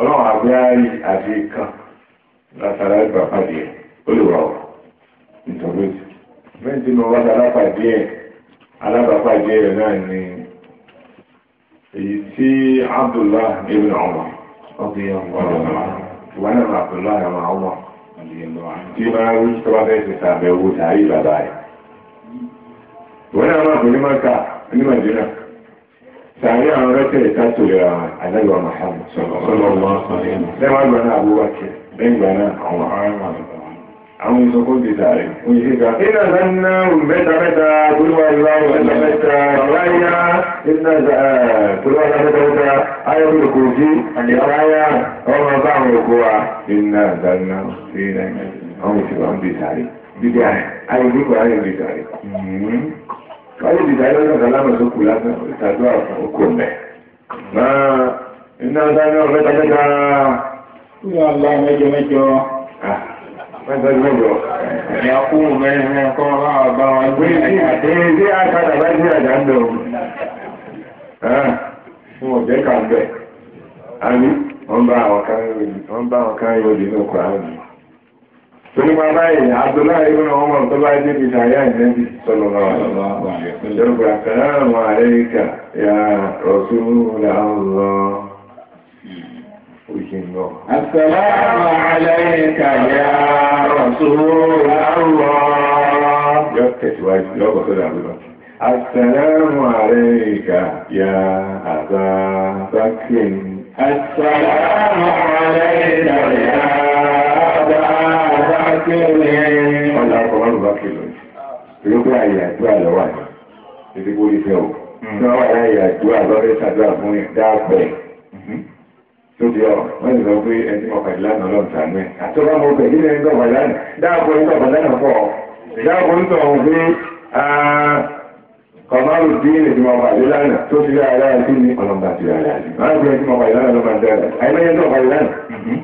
ọlọ́run àgbéyárí àti kan látara ìgbà pàdé ó lè wà wà nítorí bẹ́ẹ̀ tí mo wá alápàdé ẹ̀ alábàápàdé ẹ̀ náà ni èyí tí Abdullah ibn Umar ọ̀gbìn ọ̀gbọ̀n ìwà náà Abdullah ibn Umar tí máa wí tó bá fẹ́ ti sàbẹ̀wò sàárì bàbá rẹ̀ ìwà náà máa kò ní máa ka ní sàárẹ̀ àwọn rẹ́tẹ̀lẹ̀ tàtò lera àdágbà Muhammad sọ̀rọ̀lọ́wọ́ lẹ́wọ̀n àgbà náà Abu Bakr lẹ́gbà náà àwọn ará àwọn ìsọkó ti sàárẹ̀ oye síka iná sanná mẹ́ta mẹ́ta tólúwà ìwà mẹ́ta mẹ́ta ọ̀ráyá iná tólúwà mẹ́ta mẹ́ta ayọ́bùrù kò sí ọ̀ráyá ọmọ bá àwọn òkú wa iná sanná sí náà àwọn ìsìnkú àwọn ti sàárẹ̀ dídí ayọ́bùrù kò ayọ́bùrù sàárẹ̀ Wáyé ìdìdáyé ọ̀dọ̀ alámọ̀sókù lásán ìtàdó àwọn òkú mẹ́. Máa iná sáré ọ̀rẹ́ tajẹ́ta. Ní àlá mẹ́jọ mẹ́jọ. Mẹ́jọ mẹ́jọ. Ẹ̀yà kú mẹ́rin ẹ̀kọ́ bá wọn gbé ní àdé sí àkàtà bá sí àjà ń lọ. Fún ọ̀jẹ́ kan bẹ̀. Àmì, wọ́n bá àwọn kan yóò dì ní ọkọ̀ àwọn yìí. Torípa báyìí, Abdullahi ibn Umar tó bá dé bí ṣàyà ìrẹ́bí sọ̀rọ̀ lọ́wọ́ bá jẹ́ ní ọ̀nà ọ̀pọ̀lọpọ̀ bá kìlọ̀ ìlú pé àyè àdúrà lọ́wọ́ àná ìdí kó rí fẹ́ o tí wọ́n wà láyè àdúrà lọ́rẹ́ sàdúrà fún dáàbẹ̀ tó di ọ wọ́n ti sọ pé ẹni mọ̀ pẹ̀lú lánàá lọ́n sànú ẹ̀ àti ọba mọ̀ pẹ̀lú ẹni tó wà lánàá dáàbọ̀ ń tọ̀ lánàá pọ̀ dáàbọ̀ ń tọ̀ pé kọ̀mọ́rù dín ní ìmọ̀ pàdé lánàá tó ti rí ara ẹ̀ sí ni ọlọ́mọba ti rí ara ẹ̀ sí. wọ́n á gbé ẹni mọ̀ pàdé lánàá lọ́mọba ti rí ara ẹ̀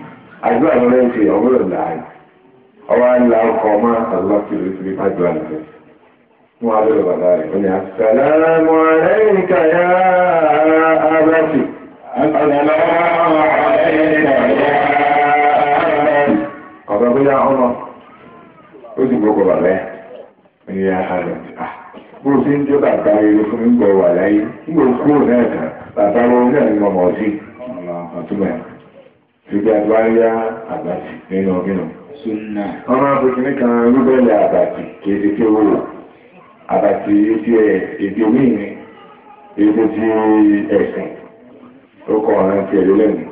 àjọ àwọn ọ̀rẹ́ ṣe ọ̀gbọ́dọ̀ láàyè ọwọ́ àlà ọkọ̀ ọmọ àtàlọ́ kiri kiri fájọ Ibi àgbáyá àbàtì nínú ọ̀gínà. Ọmọ abùkún ní kan rúbẹ̀lẹ̀ àbàtì kéde tí ó wò. Àbàtì ti ẹ̀ èdè míì ni. Èdè ti ẹ̀sìn. Ó kọ ọ̀rẹ́ ti ẹ̀rí lẹ́nu.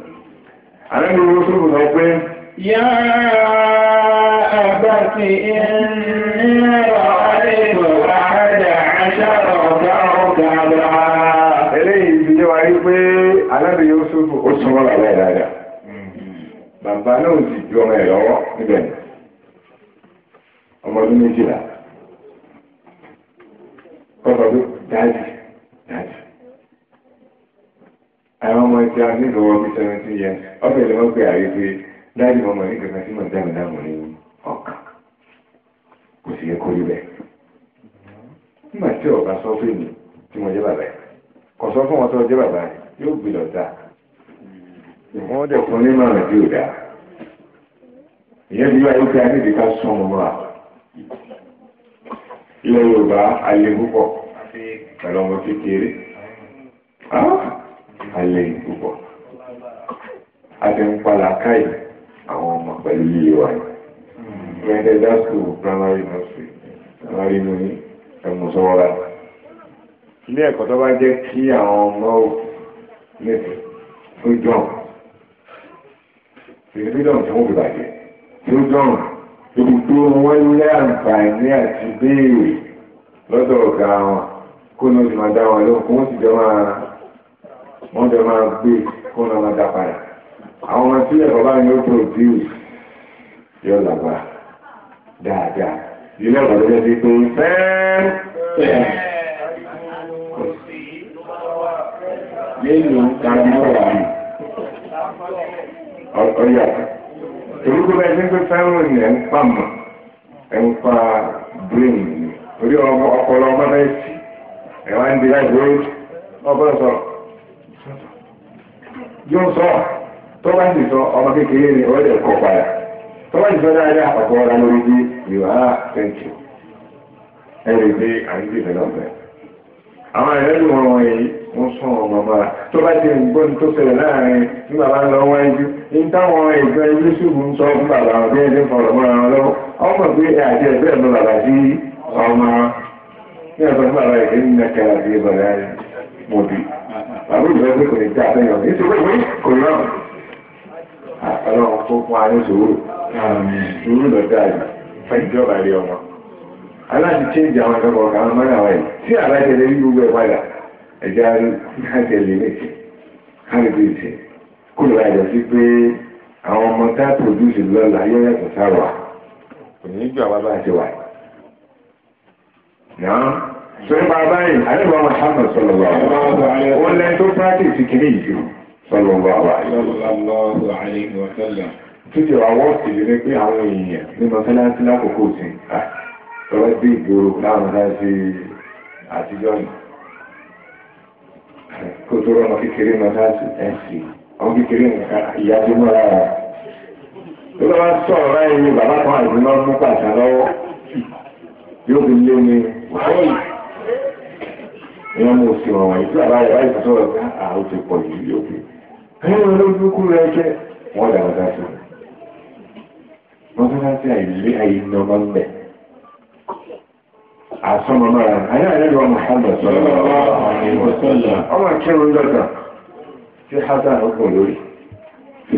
Àlẹ́nu owó sóbù sọ pé. Yá àbàtì ẹni ẹ̀rọ àdébò àádà àṣàrọ̀ ọ̀gá ọ̀gá àbá. Eléyìí ti yé wa rí pé Ànábì Yúsúfù ó súnmọ́ bàbá ẹ̀ dáadáa bàbá náà sì ju ọmọ ẹ̀ lọ́wọ́ níbẹ̀ ọmọ ọdún méjìlá kọ́sọ̀ tó dájì dájì àwọn ọmọ ẹ̀jẹ̀ nílùú ọdún seventeen yẹn ọ̀fẹ́ ìlú wọn pé àyè pé dájì ọmọ ní kankan sí màdáàmù dáàmù ní ọkàn kò sì yẹ kó rí bẹ́ẹ̀ nígbà tí ọ̀gá sọ fún mi tí mo jẹ́ bàbá yẹn kò sọ fún wọn tó jẹ́ bàbá yẹn yóò gbé lọ́ta wọ́n dẹ̀ fún ní màrùn tí ò dá ìyẹn bí wáyé pé a nídìí ká sún ọmọ wa ilẹ̀ Yorùbá alẹ púpọ̀ pẹ̀lú ọmọ kékeré ah, alẹ púpọ̀ àti ń palà káyì àwọn ọmọ pẹ̀lú yíyé wa mẹ́tẹ́ dá sùn primary nursery primary nursery ẹ̀mú sọ́wọ́ra ilé ẹ̀kọ́ tó bá jẹ́ kí àwọn ọmọ ò nífẹ̀ẹ́ fún mílíọ̀nù tí wọ́n fi bàjẹ́ tí ó dọ̀rùn lé àǹfààní àti béèrè lọ́dọ̀ ọ̀gá wọn kó ní oṣù máa dá wọn lóhùn kó wọ́n sì jọ máa wọ́n jọ máa gbé kó ní ọmọ dá padà àwọn ọmọ tí ẹ̀kọ́ bá ní ó tó dì í dáadáa ilé ọ̀gá ló jẹ́ pé fẹ́ẹ́ mélòó tàbí ọ̀rọ̀ àmì ọ̀yà èyí tó bẹ́ẹ̀ nígbè fẹ́ràn ní ẹ̀ ń pa mọ̀ pa brain ni orí ọpọlọ ọmọ bẹ́ẹ̀ sí yang wá ń di láti wọ́n ọgbọ́n sọ yóò sọ tó bá sì sọ ọmọ kékeré ni ó lè kọ padà tó bá sì sọ dáadáa ọ̀pọ̀ ọ̀la lórí bí yóò á tẹ̀ǹtì ẹ̀rì pé àyíké fẹ́ lọ́fẹ̀ẹ́ àwọn ẹ̀rẹ́ ìwọ̀n wọ́n sọ tó bá ti gbọ́ tó ṣẹlẹ̀ láàrin tí ní táwọn ìgbà ń sọ wọn bí ẹni wọn lọ́wọ́ ọmọ pé àti ẹgbẹ́ ẹ̀mọ́ bàbá sí ọmọ ní ọ̀sán fún bàbá ìgbẹ́ ní mẹ́ta àti ìbọ̀lá mọ̀bí bàbá ìgbà pé kò ní tẹ àtẹ́yàn ní kò tó sòwúrò sòwúrò ilé ọmọ ẹ̀já àjẹlẹ̀ méjì káàdì ìṣe kó lè yàtọ̀ sí pé àwọn ọmọ tá a pòdúsì lọ́la yóò yàtọ̀ sáwà kò ní gbà wá bá ṣe wà. Náà ma bá báyìí àlébà Muhammad sọ̀rọ̀ wà ó lẹ́ tó pàtìsì kìíní ìjù sọ̀rọ̀ wà Títí pé àwọn èèyàn ní mọ́sálásí lákòókò sí. Ah, ìgboro láwọn àtijọ́ yìí. kó tó rọmọ kékeré náà láti ẹ̀sìn ọmọ kékeré nǹkan ìyá tó bá sọ̀rọ̀ láyé ní bàbá kan àìsí náà mú pàṣẹ yóò fi lé ní wáyé ìyá mo sì wọ̀n yóò fi àsọmọ náà ayé àyẹ́gbọ́n Muhammad ọmọ akẹ́rù lọ́gbà tí hasan ọkọ̀ lórí ti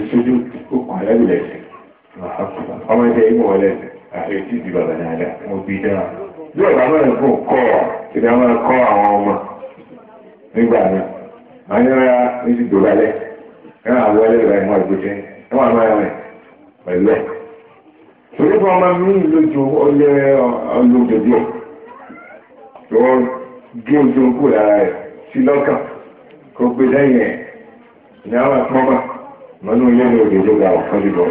ọkọ̀ ayẹ́gbẹ̀lẹ̀ ìmọ̀ àti dáa àwọn ọmọ nígbà náà ẹ̀rọ àwọn ọlọ́dọ̀dọ̀ tó wọ́n gé ojú kú lára rẹ̀ sí lọ́kàn kó gbé lẹ́yìn ẹ̀ ní àwọn àtọ́mà mọ́nú ilé ní òde ló ga jùlọ.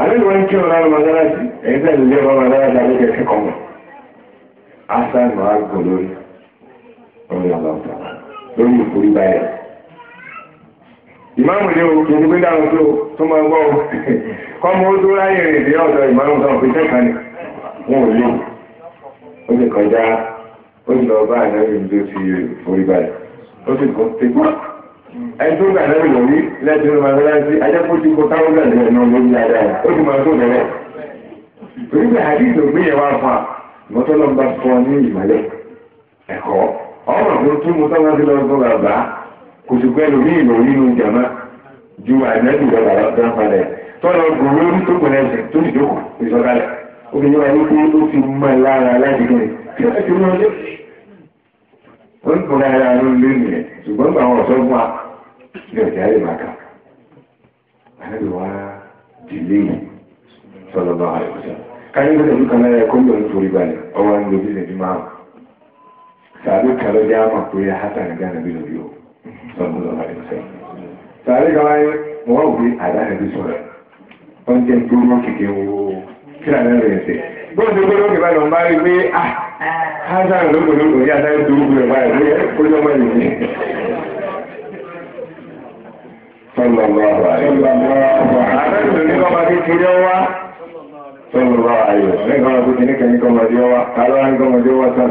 Àlejò wọn kí ọ̀rọ̀ lórí ìforí báyìí. Ìmáàmù o, kì í dáhùn tó máa gbọ́ kọ́mọ ó tó ráyè rìn dé ọ̀dọ̀ ìmọ̀ràn kan fi tẹ́kàn ní wọn ò lò ó lè kọjá ó ti lọ bá ànábì tó ti forí balẹ̀ ó sì kọ́ ti pọ́ ẹni tó gbà ànábì lọ rí lẹ́tí ló máa fẹ́ láti ajẹ́kọ́ ti kọ́ káwọn gbà lẹ́yìn náà lórí dáadáa ó ti máa tó bẹ̀rẹ̀ torí pé àdìsí ògbéyẹ̀wò àfà ìmọ̀tọ́lọ́ bá fọ́ ní ìmọ̀lẹ̀ ẹ̀kọ́ ọ̀rọ̀ tó tún mú tọ́wọ́ sí ju àìmẹ́bí lọ bàbá tó ń palẹ̀ tọ́lọ gbòòrò orí tó gbẹ̀rẹ̀ ẹ̀sẹ̀ tó sì jókòó ìsọ̀kalẹ̀ obìnrin wa ní pé ó fi mọ́ ẹ lára láti gbẹ̀rẹ̀ tí ó ti mọ́ ilé. ó ń kún lára ló lé nìyẹn ṣùgbọ́n gbà wọn ọ̀sọ́ fún wa ní ọ̀sẹ̀ ayé máa kà. àlejò wa dìlé sọlọ bá wa lọ sí. káyọ̀ ló tẹ̀lé kan lára ẹ̀kọ́ yóò ń forí balẹ̀ ọwọ́ ń lo bílẹ̀ bímọ àwọn. sàbí kalọ́ jẹ́ àmọ̀ pé hátàn gánà bí lóyún sọlọ bá wa lọ sí. sàbí kalọ́ yẹ wọ́n wí àdáhẹ́ bí sọ̀rọ̀ wọ́n jẹ́ gbórí òkìkí wo kíra náà rẹ̀ ṣe. Bóòdù gbórí òkè bá lọ bá rí pé ah, Hazan lókòlókò yá sáré tó gbórí ọ̀pá rẹ̀ pé ó jọ mọ́ ìlú. Sọlọ́lọ́ àbáyọ̀ ní kọ́mọ bí kiri ọwá. Sọlọ́lọ́ àyọ̀ ní kọ́mọ bí kiri kẹ́ni kọ́mọ bí ọwá. Àlọ́ àyọ̀ kọ́mọ bí ọwá sàn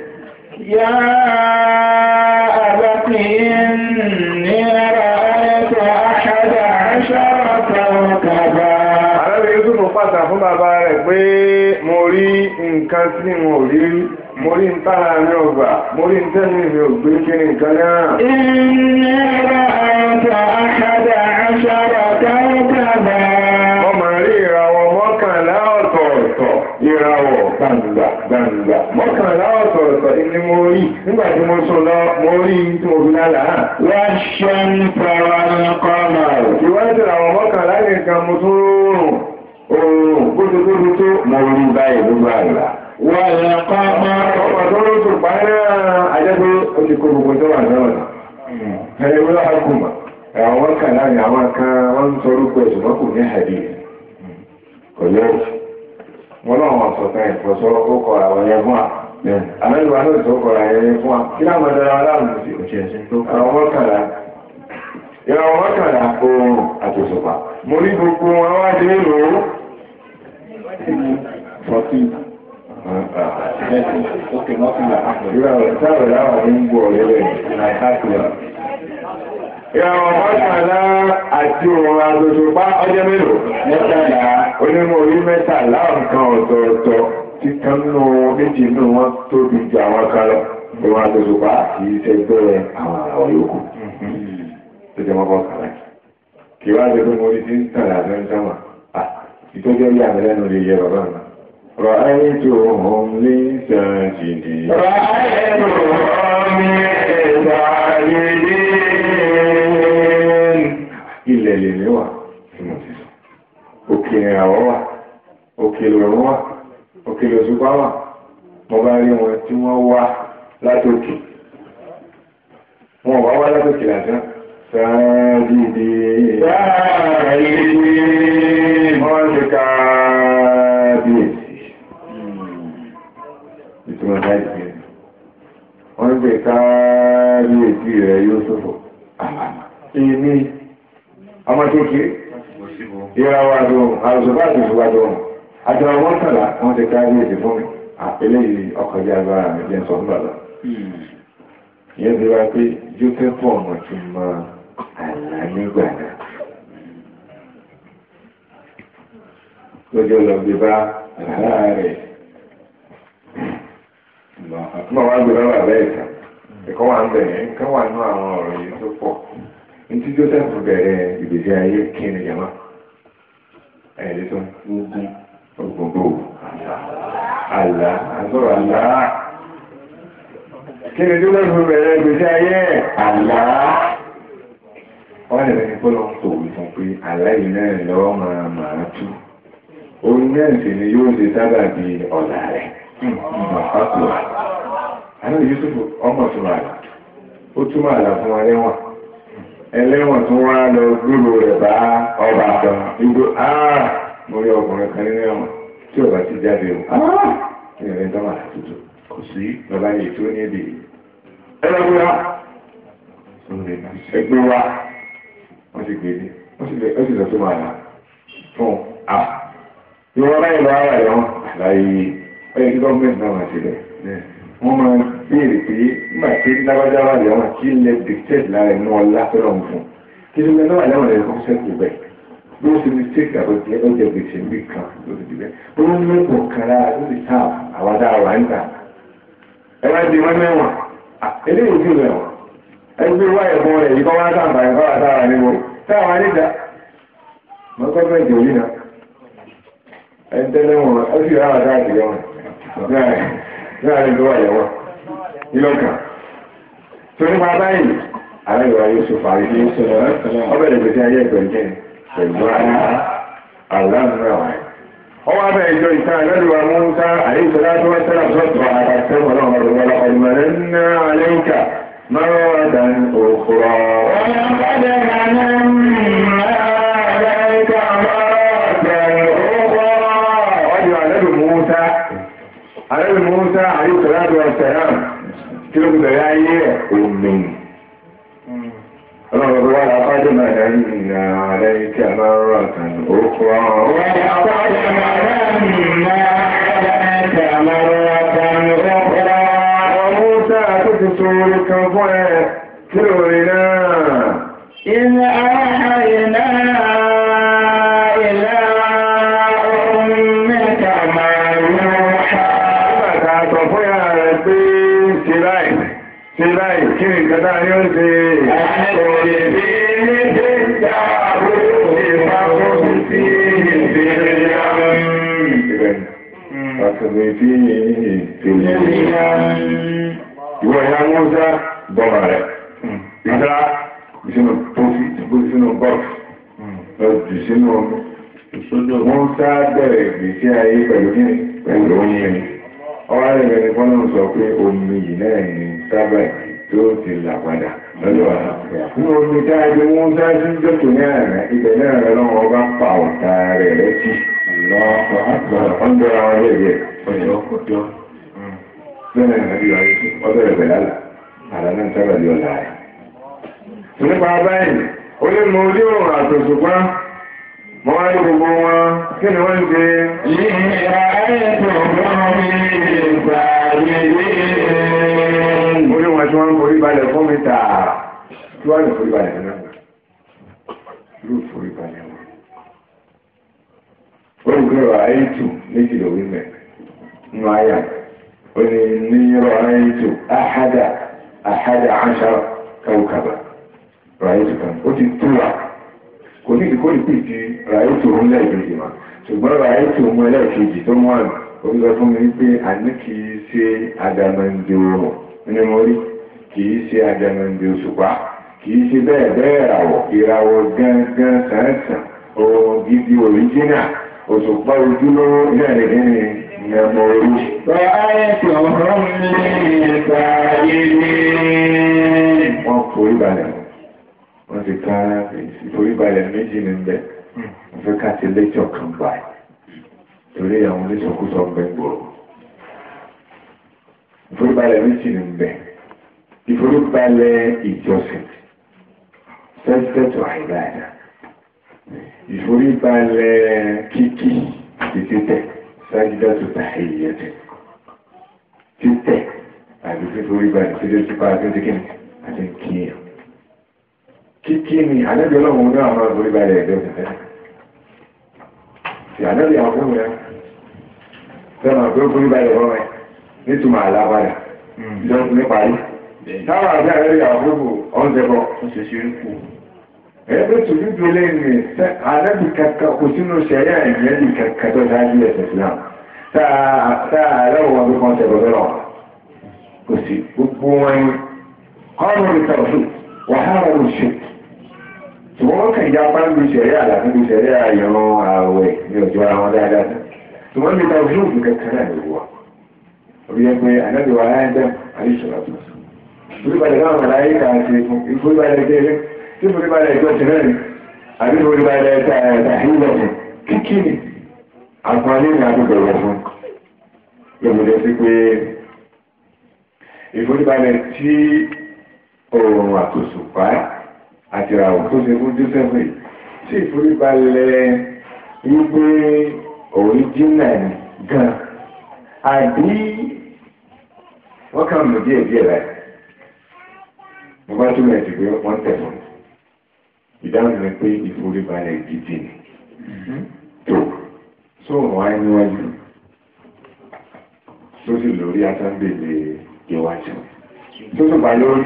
يا أبت إني رأيت أحد عشر كوكبا Àrẹ́bí Yúsùfù pàtà fún bàbá rẹ̀ pé mo rí nǹkan tí mo rí mo rí ń tára mi ọgbà, mo rí ń tẹ́lẹ̀ mi ògbé kí ní nǹkan náà. Ìní Ọmọ gbangba mọ́kànlá ọ̀tọ̀ọ̀tọ̀ ni mo rí nígbà tí mo sùn lọ mo rí tí mo fi lálàá hàn. wọ́n ṣe ń tọrọ ọkọ̀ náà. ìwádìí àwọn mọ́kànlá nìkan mo tún rọrùn oòrùn gbódúgbódú tó mo rí báyìí gbogbo àgbà. ọkọ̀ tó ló ti kó gbogbo tó wà àwọn mọ́kànlá ni àwọn kan wọ́n ń sọ orúkọ ẹ̀sùn mọ́kù ní wọn náà wọn sọ fún ẹ kò sọ ó kọra wọn yẹn fún wa àmẹ́lùwà náà sọ kọra yẹn fún wa kí láwọn ọmọdé aláàrùn sí òṣèṣe tó kọ àwọn mọ́kànlá ìrànwọ́ mọ́kànlá oòrùn àtòṣùpá mo rí gbogbo wọn wá dé lò ó fọ́tí ọkẹ̀ mọ́kànlá ìrànwọ́ sábẹ̀ láwọn ń gbọ́ ìrànwọ́sàlá àti òun àtòṣùpá ọjọ́ mélòó mẹ́tàlá onímọ̀ orí mẹ́tàlá nǹkan ọ̀tọ̀ọ̀tọ̀ títàn nù méjì nù wọn tóbi ju àwọn kan lọ ìwà àtòṣùpá àti ìṣẹ́gbẹ́ àwọn àwọn yòókù tó jẹ́ mọ́kọ́ kàrá kí wá lè fún orí tí ń tàn láti ń sánmà ìtọ́jọ́ yà mí lẹ́nu lè yẹ bàbá mi. رأيتهم لي ساجدين رأيتهم لي ساجدين ilẹ̀ lèmi wà tí mo ti sọ òkè ìràwọ̀ wà òkè lòrùn wà òkè lòṣùpá wà mo bá rí wọn tí wọ́n wá látòkè wọn ò wá wá látòkè lásán sáàdìdì sáàdìdì wọ́n ṣe káàbíyèsí ìtumọ̀ sáàdìdì wọ́n ń pè káàbíyèsí rẹ̀ yóò ṣòfò àmàmà èmi ọmọ tó kí ìràwọ̀ àjò àrùsọ̀bá àti ìṣòwájọ́ wọn àjọ àwọn tàlà wọn ti káyé èdè fún mi eléyìí ọkọjá agbára mi jẹ́ sọ bàbá ìyẹn ti wá pé jókè pọ̀ ọmọ ti mọ àlá nígbà náà lójú lọ gbé bá àlá rẹ̀ mọ̀ wá gbé bá bàbá ẹ̀ka ẹ̀kọ́ wà ń bẹ̀rẹ̀ ẹ̀ka wà nínú àwọn ọ̀rọ̀ yìí tó pọ̀. ntí Joseph bẹ̀rẹ̀ ìgbésí ayé kíni jama ẹ̀yẹ́dẹ́ tó ń gún ala azụrụ ala àlá kíni Joseph bẹ̀rẹ̀ ìgbésí ayé ala wọ́n lè ní kọ́lọ́ ń tòwé fún pé àlá náà lọ́wọ́ máa máa tú ni yóò ṣe sábà ọ̀la rẹ̀ àná Yusuf ọmọ tó máa ó fún ẹlẹ́wọ̀n tó wá lọ ọrụ rẹ̀ bá ọba àdán igbó áà mo rí ọkùnrin kan nínú ẹ̀wọ̀n tí ọba ti jáde o kò sí bàbá yìí tó ní èdè ẹgbẹ́ wa wọ́n ti gbé dé wọ́n lọ tó máa là fún a ìwọ báyìí ara ẹ̀ ẹ̀yìn gọ́ọ̀mẹ̀ntì náà bẹ́ẹ̀. wọ́n máa béèrè pé nígbà tí lágbájá wà lẹ́wọ̀n kí ilẹ̀ dictate lára ẹnu ọlá tó lọ́wọ́ fún kí ilẹ̀ náà wà lẹ́wọ̀n rẹ̀ kọ́ sẹ́kù bẹ́ẹ̀ bí ó ṣe mistake àbẹ̀tẹ̀ ọjà gbèsè ń bí kan ló ti di bẹ́ẹ̀ bí wọ́n ní ẹ̀kọ́ kan lára ó ti sáà àwọn ará wa ń tà ẹ wá di wọn mẹ́wọ̀n eléyìí ti mẹ́wọ̀n ẹgbẹ́ wá ẹ̀bùn rẹ̀ yìí kọ́ wá sáà bàyẹ̀ kọ́ wá sáà níbo táwọn anídà mọ́tọ́fẹ́ ìjòyí náà ẹ̀ ń tẹ́lẹ̀ wọn ó sì rà wá sáà láàrin lọ́wọ́ àyẹ̀wò ìlọ́kà tó nípa báyìí aláìwá yóò sọ fàárí ní sọ̀rọ̀ ọbẹ̀ lè gbèsè ayé ẹgbẹ̀jẹ̀ pẹ̀lú aláàmúra ọwọ́ abẹ́ ìjọ ìta lọ́dúnwà múta àríṣọ́lá tó wọ́n tẹ́lá sọ́tọ̀ àkàtẹ́ ọlọ́run ọ̀rọ̀ ọ̀rọ̀ náà àlékà mọ́rọ̀ ọ̀dà òkúrọ̀. ọ̀rọ̀ ọ̀dà náà àlẹ́bí Mùsá àríṣọ́láàdù ọ̀sẹ̀rán tí ó bẹ̀rẹ̀ ayé ẹ̀ omi. Ọlọ́run wà lápájọ máa dárí ìrìnà àlẹ́ ìkẹ́ àmárọ̀ àtàn òkú ọ̀rọ̀. Wà lápájọ máa dárí ìrìnà àlẹ́ ìkẹ́ àmárọ̀ àtàn òkú ọ̀rọ̀. Ọmọ Mùsá àti tuntun orin kan fún ẹ kí lóore náà. ṣe báyìí kí ni ìjọba ní ó ṣe òye bí ní ṣe ìjà àbúrò ìfàkóso sí ìbẹ̀rẹ̀ àwọn àtàwọn ètí ìrìnlẹ̀ ìwọ ìyá wọn sá bọ́ọ̀mà rẹ̀ ìdá ìsinú pósí ìbú sínú bọ́ọ̀fù lọ́jù sínú wọn sá bẹ̀rẹ̀ ìgbésí ayé pẹ̀lú kí pẹ̀lú oyin ọwọ́ àrẹ̀gbẹ̀ ni fọ́nà sọ pé omi yìí náà ní sábẹ̀ tó ti là padà lọ́dọ̀ wa. Nínú omi tá a di wọ́n sá sí jọ́tò ní àná ibẹ̀ náà rẹ̀ lọ́wọ́ ọba pa ọ̀tá rẹ̀ rẹ̀ sí. Ọ̀dọ̀ àwọn ilé ìwé ọ̀yọ́ kọjọ́. Lọ́nà ìrìnàjò ayé ọ̀dọ̀ rẹ̀ bẹ̀rẹ̀ àlà. Àlà náà sábà di ọ̀la rẹ̀. Nípa báyìí, ó lè mọ Mo wá ní gbogbo wọn, kí ni wọ́n ń gbé? Ìrìnà ẹ̀tọ́ lórí ìgbà yìí. Mo ní wọn tí wọ́n ń forí balẹ̀ fún mi tààrà. Tí wọ́n ń forí balẹ̀ fún mi. Ló forí balẹ̀ wọn. Ó ní gbèrò àìtù méjì lórí mẹ́. Nínú àyà. Ó ní àhádà àhádà àṣà kò ní ìdíkò ìpìtì ràyètò òun lẹ́ẹ̀kejì mà ṣùgbọ́n ràyètò òun ẹlẹ́ẹ̀kejì tó mọ́ àná ó sọ fún mi pé àní kì í ṣe adamande oòrùn ní mo rí kì í ṣe adamande òṣùpá kì í ṣe bẹ́ẹ̀ bẹ́ẹ̀ ràwọ̀ ìràwọ̀ gángan sàǹsàn òun gidi òríjínà òṣùpá ojúlówó náà lè ní ìyàmọ̀ orí. ràyètò òun ní ìgbà yìí. wọ́n forí balẹ̀ mọ́ wọ́n ti tán ìforíbalẹ̀ méjì ní bẹ̀ wọ́n hmm. fẹ́ káàtì lẹ́tọ̀ kan báyìí torí àwọn oníṣòkúsọ bẹ́ gbòòrò ìforíbalẹ̀ méjì ní bẹ̀ ìforíbalẹ̀ ìjọsìn sẹ́sẹ̀tò àìdáadáa ìforíbalẹ̀ kíkí títẹ̀ sájídàtò tàìyẹ̀tẹ̀ títẹ̀ àbí fíforíbalẹ̀ títẹ̀ sípa àti kíni àti kíyàn kíkí ni ànábì ọlọ́run ní àwọn àgbò ìbàdàn ẹ̀gbẹ́ òṣìṣẹ́ ti ànábì àwọn fún rẹ sẹ́wọ̀n àgbẹ̀ òkú ìbàdàn ọ̀rọ̀ rẹ nítumọ̀ àlàbàdà ìjọ fún mi parí táwọn àgbẹ̀ ànábì àwọn fún mi ọ̀nzẹ̀ bọ̀ ọ̀ṣẹ̀ṣẹ̀ ń kú. ẹ̀yẹ́ bẹ́ẹ̀ tó dúdú eléyìí ni ànábì kàkà kò sínú sẹ́yà ìyẹ́dì kàkà tó dájú ẹ̀sẹ̀ sílám táà aláwọ̀ wọn bí kọ́ńtẹ̀ bọ̀ kò sí gbogbo wọn kọ́ọ̀nù ìtàwọ̀ wàhálà ìṣèkì ṣùgbọ́n wọ́n kàn já pálú ṣẹ̀rí àlàfíìlú ṣẹ̀rí àyàn ààwẹ̀ ní ọjọ́ ara wọn dáadáa tán ṣùgbọ́n nípa ìlúùdù kankan náà ló wà orí ẹgbẹ́ anábìwá ẹ̀dá àríṣọ̀lá tó sùn. ìfúnibàlẹ̀ náà mọ̀lá yìí kà á ṣe fún ìfúnibàlẹ̀ jẹ́ tí ìfúnibàlẹ̀ ẹjọ́ ti náà ni àbí ìfúnibàlẹ̀ tàhílọ̀ fún kíkí ni àǹfààní ní àdúgbò fún lọ́mọdé sí pé ìfúnibàlẹ̀ tí òòrùn àtòsùpá àti ìràwọ̀ tó ṣe fún Joseph tí ìforíbalẹ̀ wípé original gan àbí wọ́n kàn mú díẹ̀ díẹ̀ láì mo bá túmọ̀ ẹ̀sìn pé wọ́n tẹ̀wọ́ ìdáhùn rẹ̀ pé ìforíbalẹ̀ gidi ni tó sóhùn wáyé níwájú tó sì lórí asábẹ̀lẹ̀ ìwájú tó sì bá lórí.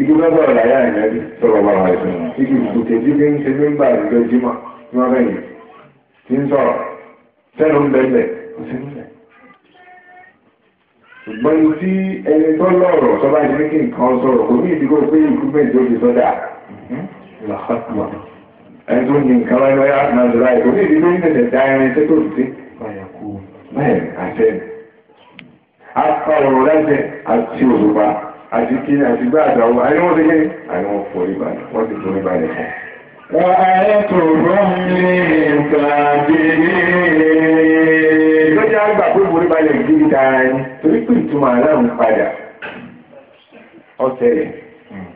igi mẹ́bọ̀ ìyá ìnẹ́bí sọ̀rọ̀ bàbá ìsìn igi ìkùté tí fi ń ṣe nígbà ìgbẹ́ jímọ̀ tí wọ́n bẹ̀yìn tí ń sọ̀rọ̀ sẹ́nu ń bẹ̀lẹ̀ kò sí nílẹ̀. ṣùgbọ́n tí ẹni tó lọ́rọ̀ sọ́ba ti ní kí nǹkan sọ̀rọ̀ kò ní ìdíkò pé ikú méje ó ti sọ́dà ẹni tó ní nǹkan láyé wáyé láti máa lọ́ra ìkò ní ìdíkò ní tẹ̀tẹ̀ dá ẹrin tẹ́ tó ti báyìí àti òṣùpá àdìkí àdìgbà àdàwọ̀ àyíwọ́n ti gbé àyíwọ́n fò ìbàdàn wọ́n ti fò ìbàdàn fún. wọ́n ayé tó rọ́m ní ìgbàgbé. lọ́jà àgbà pé mo rí balẹ̀ gidi dáa ni torí pé ìtumọ̀ aláàrùn padà ọ̀sẹ̀ rẹ̀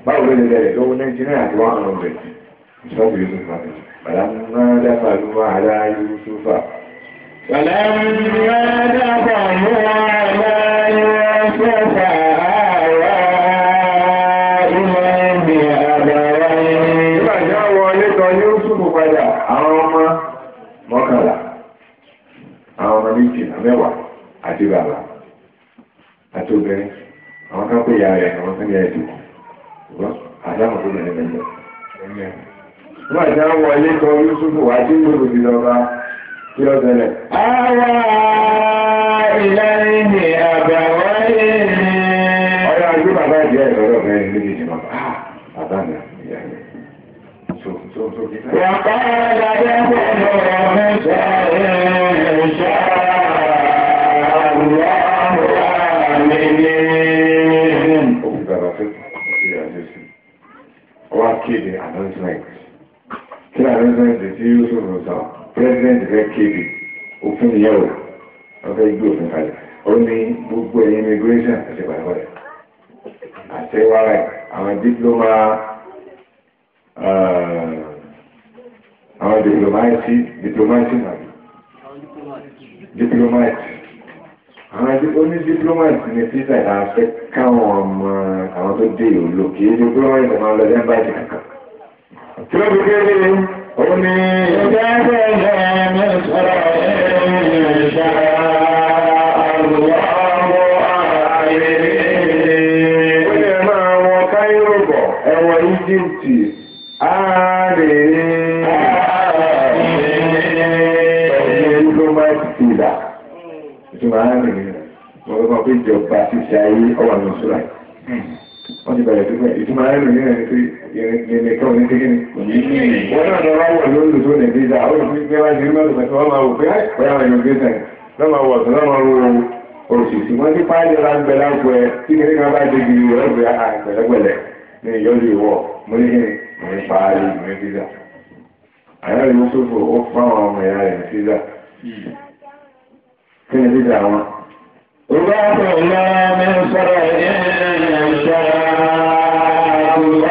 báwo ló lè lẹ̀ lọ́wọ́ nàìjíríà àti one hundred ìṣọ́ọ̀bù yóò tún fàmì bàlámà dáfà ló wà ará yóò tún fà. bàlámà dáfà ló wà ará àti bàbá àti obìnrin àwọn kan pè ya rẹ̀ àwọn kan ní ẹ̀dùn ṣùgbọ́n àdámọ̀ tó bẹ̀rẹ̀ bẹ̀rẹ̀. Nígbà tí wọ́n wọlé kan Yúsùfù wá sí gbogbo ti lọ bá kí ọ bẹ̀rẹ̀. Àwa ìlànà àbàwọ̀ yìí. Ọ̀rẹ́ àjú bàbá ìjẹ́ ìrọ̀rọ̀ bẹ̀rẹ̀ níbi ìjìnà. Bàbá mi ìyá mi. Wàkọ́ ọ̀gá jẹ́ fún ọ̀rọ̀ mẹ́ta ẹ̀ṣẹ́. المؤمنين وأكيد announcement kí announcement tí Yusuf sọ president fẹ́ kéde òfin ìyàwó wọ́n fẹ́ gbé òfin kalẹ̀ ó ní gbogbo ẹ̀yìn immigration àti uh, diploma àwọn ẹbí ó ní diplomat ní títà ìdáfẹ́ káwọn ọmọ àwọn tó dé ìlú kì í diplomat ní máa lọ sí ẹmbáàjì kankan. tí ó fi kéré ó ní. ìjà ẹgbẹ́ ìjà ẹ̀mí sọ̀rọ̀ ẹ̀yìn ìṣà àlùwà ọmọ ààrẹ. ó lè máa wọ ọ̀rọ̀ máa fi jọba ṣíṣe ayé ọwà náà sọ́ra hmm. wọ́n ti bẹ̀rẹ̀ pípẹ́ ìtumọ̀ ayé lòdì náà nítorí ìrìnlẹ̀ kan ní kékeré wọ́n náà lọ wáwọ̀ lórí tó lè gbé dáa ó fi gbé wá sí mẹ́rin pẹ̀lú wọ́n máa wò pé ọ̀yà àwọn èèyàn gbé sàn wọ̀ رفع لا من فرع شاء الله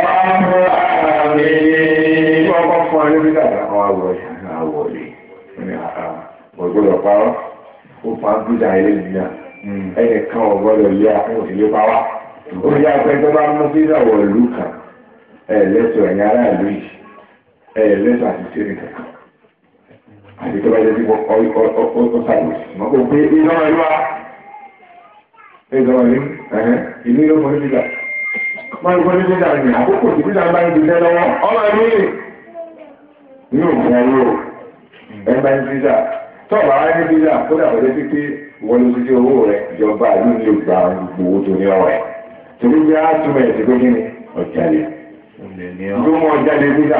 آمين وقف عليه بلا أول أولي وقول قال وفعل بلا إلينا أي كان وقال يا أخي يبعوا ó yá pẹ́jọ́ bá mú bí ìràwọ̀ ìlú kan ẹ̀ẹ́lẹ́sọ̀ ẹ̀yìn ará ìlú yìí ẹ̀ẹ́lẹ́sọ̀ àti sẹ́ni kankan àti tó bá jẹ́ bí ọ̀sàgbèsì mọ́ kó gbé iná ẹ̀lú wa ìdọ̀wọ̀lé eh, ìlú yóò mọ̀ nígbà wọ́n ń gbọ́ ní nígbà ní ndị tí nígbà bá ń gbìyànjú lọ́wọ́ ọmọ mi ní o ẹ bá ń bíjà tọ́ọ̀bù àwọn ẹni bíjà kó dà wọlé pípé wọlé rẹ ìjọba àlú ní ògbà gbowó tó ní ọrụ torí bí a túmọ̀ ẹ̀ sí pé kíni ọjà lè ló mọ ọjà lè bíjà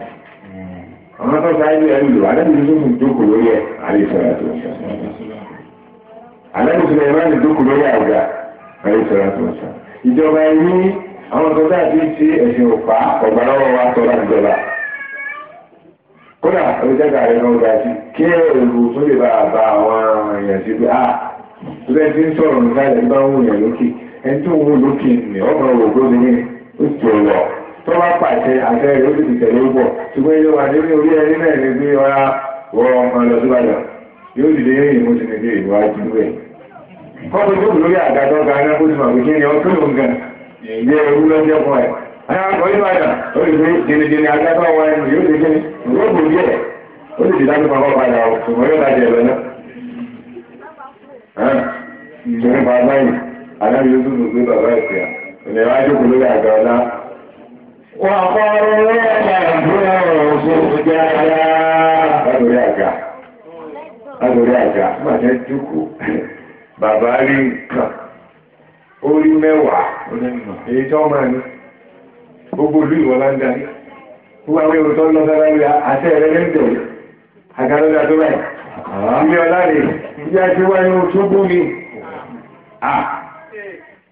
ọmọ tó ṣáájú ẹ lò alẹ́bí Yusuf jókòó lórí ẹ alẹ́ sọ̀rọ̀ tó sọ alẹ́bí sọ̀rọ̀ ìmáàlì jókòó lórí àga alẹ́ sọ̀rọ̀ tó sọ ìjọba ẹni àwọn tó dáa bíi ti ẹ̀sìn òpá ọ̀gbà lọ́wọ́ wa tọ́ láti jọba kódà olùjẹ́gà rẹ̀ náà ga sí kí èrò tó lè bá a bá àwọn èèyàn sí pé ah tó bẹ́ẹ̀ ti ń sọ̀rọ̀ nípa ẹ̀ bá ń wù yàn tó bá pàṣẹ àṣẹ dị ó sì ti tẹ̀lé pọ̀ ṣùgbọ́n ilé wa nínú orí ẹni náà ni pé ọ̀rá wọ ọmọ náà kó ti mọ̀ pé kí ni ewu fún ẹ̀. ìbàdàn ó lè jìnnìjìnnì ẹnu yóò díẹ̀ ó sì ti dájú وقرنا في سجدا أدراك أدراك ما bàbá rí nǹkan orí mẹ́wàá èyí tó máa ní gbogbo olú ìwọ̀n ń darí gbogbo àwọn èrò tó ń lọ sára rí àti ẹ̀rẹ́ àgàlọ́dà tó báyìí ilé ọlá rè wáyé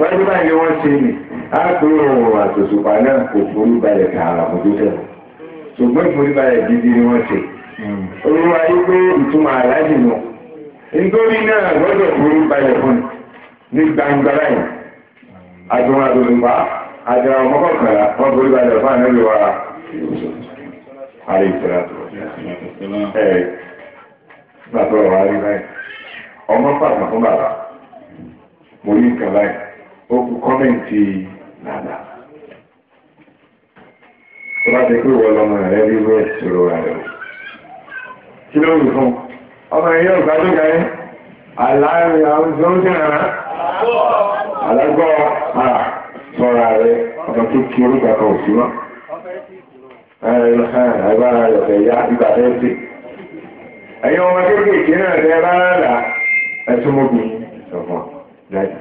pẹ̀lú báyìí ni wọ́n ṣe nì á pé òun àtòṣùpá náà kò forí balẹ̀ tó tẹ̀ ìforí balẹ̀ gidi ni wọ́n ṣe olúwa yí pé ìtumọ̀ àlájì nù nítorí náà gbọ́dọ̀ forí balẹ̀ fún ní gbangba báyìí mọ́kànlá wọ́n forí balẹ̀ fún ìtura bàbá wa rí báyìí ọmọ bàbá. mo rí nǹkan báyìí ó kú kọ́mẹ̀ǹtì nàdà. tó bá ti pé ìwọ lọmọ rẹ bí wọ́n ṣòro rẹ o. kí ló wù fún ọmọ ẹ̀yẹ ọ̀gá tó ga yẹn aláàrin àwọn tó ń sìn àná alágbọ́ àà sọ́ra rẹ ọmọ tó kí orúkọ kan ò sí mọ́. agbára rẹ̀ fẹ̀ yá ìgbà fẹ́ sí. ẹ̀yin ọmọ kéékèèké náà fẹ́ rárá ẹ̀sùn mọ́bìnrin sọ̀fọ́n dájú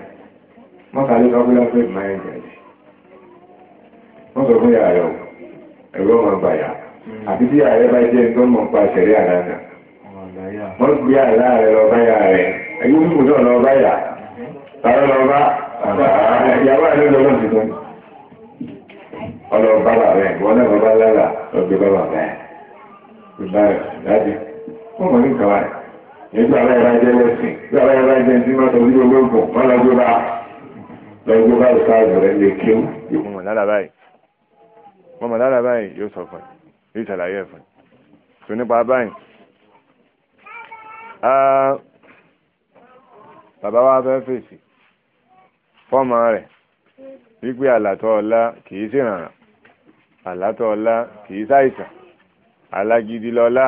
wọ́n kà ló kábúlá pé máa dájú wọ́n sọ fún yàrá o ẹ̀rọ ọmọ gbàyà àti tí yàrá bá jẹ́ tó mọ̀ pa ṣẹ̀rí àdáńdà wọ́n gbé yàrá rẹ̀ lọ bá yàrá rẹ̀ ẹgbẹ́ olùkù náà lọ bá yà tààrà lọ bá ìyàwó àlẹ́ lọ́wọ́ ti tán ọlọ́ọ̀ bá bàbá ẹ̀ wọ́n náà bá bá lálà lọ́gbẹ́ bá bàbá ẹ̀ gbé bá rẹ̀ dájú wọ́n mọ̀ ní kàwáyé nígbà láì bá jẹ́ lẹ́sìn nígbà láì bá jẹ́ tí máa tọ́jú ológun má lọ́gbó bá lọ́gbó bá lọ́ta lè kéwù. mọ̀mọ̀ lára báyìí mọ̀mọ̀ lára báyìí yóò sọ fún ẹ ṣàlàyé fún tó nípa báyìí. bàbá wa fẹ́ fèsì fọ́ọ̀mù rẹ̀ wípé àlàtọ̀ ọ̀la kì í ṣèrànràn àlàtọ̀ ọ̀la kì í alágídí lọ́la.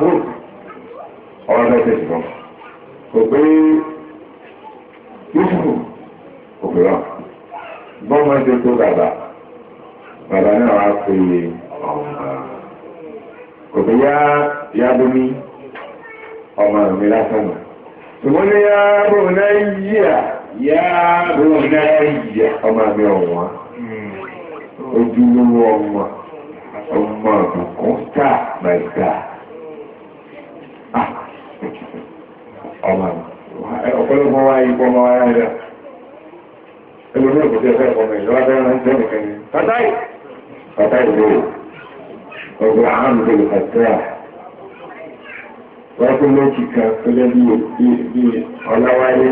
àbúrò ọ̀rọ̀ bẹ́ẹ̀ tẹ̀sí fún kò pé yíṣùkù kò pé wà bọ́ọ̀mù ẹ̀jẹ̀ tó bàbá bàbá náà wá pé ọ̀mà kò pé yá yá bómi ọmọ mi lásán nù ṣùgbọ́n ní yá bómi náà yíyà yá bómi náà yíyà ọmọ mi ọ̀wọ́n hmm. ojúlówó ọmọ ọmọ àbùkù star by star. ọmọ ọ̀pọ̀lọpọ̀ wá ipò ọmọ ara ẹ̀dá ẹgbẹ̀rún òkú tí ẹ̀fẹ́ ọmọ ìjọba bẹ́ẹ̀ rán jẹ́ nìkan ni pátáì pátáì lóòrò ọgbọ̀n àánú lórí pàtẹ́à wọ́n tún méjì kan tó jẹ́ bí ọláwáyé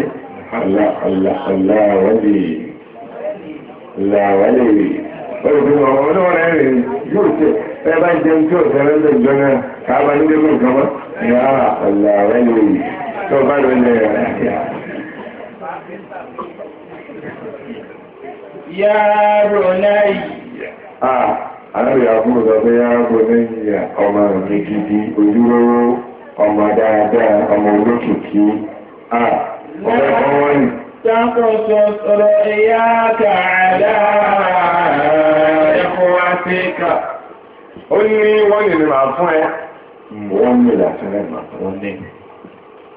aláwálé láwálé olùkọ́ ọmọ ọlọ́wọ́ rẹ̀ rìn yóò tẹ̀ ẹ bá jẹun tí ò fẹ́rẹ́ lè jọ náà ká bá nílé mọ́ nǹkan mọ́ ìyá aláwálé tó bá lọ ilẹ̀ Ya Ronai. Ah, alábìyà fún ọ̀sọ̀ pé ya Ronai ọmọ mi gidi ojúlówó ọmọ dáadáa ọmọ olókìkí. Ah, ọ̀rẹ́ kan wọ́n ni. ah sọ̀rọ̀ ìyá kàdá ẹ̀kọ́ Áfíríkà. Ó ní wọ́n ní ni màá fún ẹ. Wọ́n ní ìlàsílẹ̀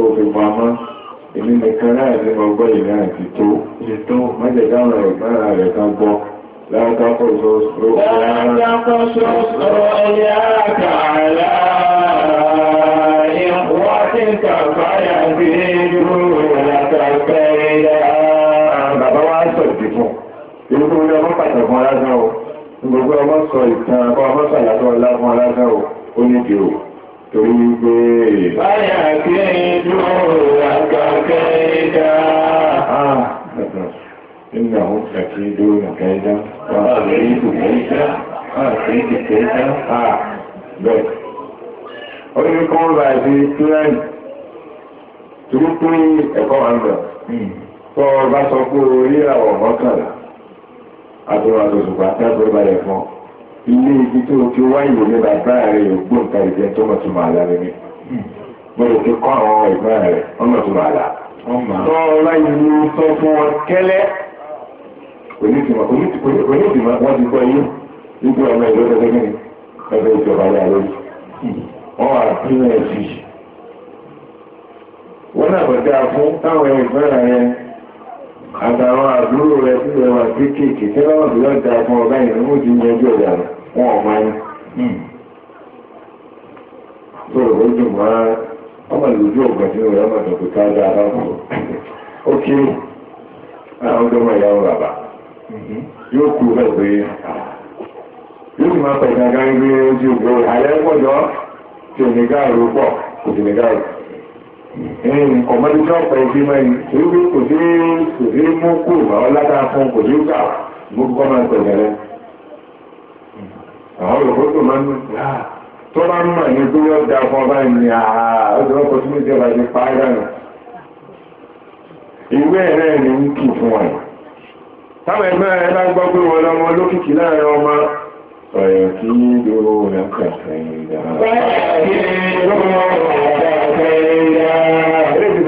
òfin pamọ́ èmi nìkan náà ní ọgbọ́ ìrìn àti tó ṣe tó mọ́jẹ̀dá àwọn ọ̀gbọ́n rẹ̀ kan gbọ́ látàkọ́ ṣoṣo látàkọ́ ṣoṣo ẹ̀yà àkàlà ìwọ́n ti kàfáyà sí irú ìrìnàkàfẹ́ ilẹ̀ bàbá wa sọ ìdìbò ìlú tó wọlé ọmọ pàtàkì wọn lásán o gbogbo ọmọ sọ ìtàn ọmọ sọ ìyàtọ̀ ọlá fún ìdìbò torí wípé. báyà kí ló àgbàkẹ́ dá. Inna hun ṣàkí dóòrùn kẹ́ẹ̀dá, wọ́n ṣe ìdù kẹ́ẹ̀dá, wọ́n ṣe ìdù kẹ́ẹ̀dá, àà bẹ́ẹ̀. Ó ní kọ́ bá ṣe kíláàni, tó pé ẹ̀kọ́ wà ń bẹ̀. Hmm. Tọ́ bá sọ pé orí àwọ̀ mọ́kànlá, àtọ́wà tó ṣùgbà tẹ́ ilé ibi tó o ti wá ìwé ní bàbá rẹ̀ yóò gbó nǹkan ìjẹ tó mọ̀ tó mọ̀ àlá rẹ̀ mi. mo lè fi kọ́ àwọn ẹ̀gbọ́n rẹ̀ wọ́n mọ̀ tó mọ̀ àlá. tọ́ ọlá ìlú sọ fún wọn kẹ́lẹ́. onídìmọ̀ wọ́n ti gbọ́ yín nígbà ọmọ ìlú ọdọọdọ mi ẹgbẹ́ ìjọba yà lórí. wọ́n wà pín ẹ̀sì. wọ́n náà bọ̀ dáa fún táwọn ẹ̀gbọ́n rẹ̀ àtàwọn àbúrò rẹ̀ tí wọ́n wà kéékèèké tí wọ́n fi lọ́ọ́ da fún ọba yẹn ló ti yanjú ọ̀dà wọn ò máa tó hmm. o ọmọ ìlú ògùn tí wọ́n yọmọ tó ká dáa bá wù ú. ó kí àwọn ọdọ ọmọ ìyàwó bàbá hmm. yóò kú bẹ́ẹ̀ pé yóò sì máa pẹ̀lú gbé ojú àyẹ̀wò tí ọmọdé náà pẹ̀lú bí mọ́ ẹni ewé kò dé kò dé mú kú àwọn látara fún kò gbà mú máa tẹ̀lé rẹ. àwọn olùkóso máa ń tó bá ń mọ̀ ní wọ́n da fún ọba ẹni àhà ọjọ́ ọkọ̀ tó ń jẹ́ pa ẹ̀rọ nù. ìwé ẹ̀rẹ́ ni ń kì fún ẹ̀. táwọn ẹgbẹ́ ẹ bá gbọ́ pé wọn lọ́mọ olókìkí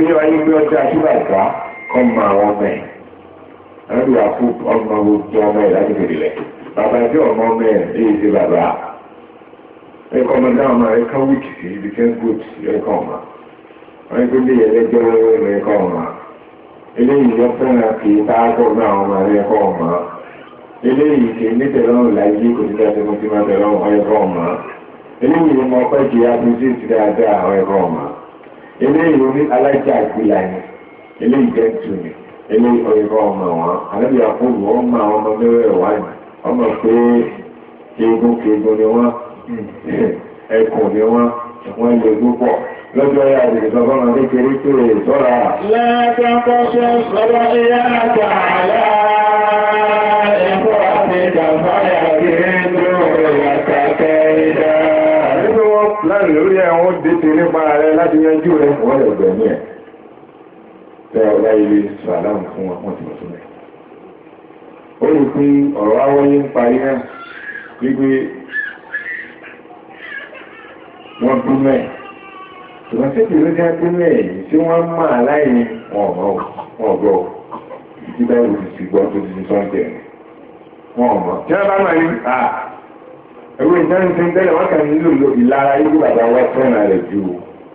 ní wáyé pé ọjà tí bàbá kọ́ máa wọ́n mẹ́ ẹ̀rọ àpò ọmọ gbogbo ọmọ ẹ̀ láti fèrè lẹ̀ bàbá tí ọmọ ọmọ ẹ̀ èyí ti bàbá ẹ̀kọ́ ọmọ náà ọmọ ẹ̀kọ́ wíìkì sí ibi kẹ́ gòt ẹ̀kọ́ ọmọ wọ́n yẹ kó lè yẹ lẹ́jọ́ ẹ̀kọ́ ọmọ eléyìí yọ fẹ́ràn kì í bá gbọ́ náà ọmọ ẹ̀kọ́ ọmọ eléyìí kì í nítẹ̀lọ́rùn láyé kò ní dájú mo ti máa tẹ̀lọ́rùn ẹ̀kọ́ ọmọ eléyìí ni mo pẹ́ kí á fi sí ìtìdáadáa ẹ̀kọ́ ọmọ. eléyìí oní alájà ìpìlà ni eléyìí gẹ́ǹtù ni eléyìí ọ̀yọ́ ọmọ wọn àlẹ́bí àkóbù ọmọ àwọn ọmọ mẹ́rẹ̀ẹ̀rẹ̀ wá ní ọmọ pé keegun keegun ni hmm. ẹkùn ni lè ya ní ṣe sọ́dọ̀ ẹ̀kọ́ àti ìjàmbá rẹ láti yanjú rẹ wọ́n lè gbẹ̀mí ẹ̀ tẹ ọ̀la ilé sàlám fún wọn ti mọ̀ sílẹ̀. ó lè pín ọ̀rọ̀ awọ́yé ń parí náà wípé wọ́n bí mẹ́ ṣùgbọ́n tẹ́tì ló jẹ́ bí mẹ́ yìí tí wọ́n mọ̀ aláìní wọn ọ̀gbọ́ wọn ọ̀gbọ́ ìdí báyìí ló ti gbọ́ tó ti ti sọ́ńtẹ̀ wọn ọ̀gbọ́. tí wọ́n bá mọ̀ ní à ẹ̀rọ ìdánisẹ́ tẹ́lẹ̀ wọ́n kàn nílò ìlara yìí bàbá wa fẹ́ràn rẹ̀ ju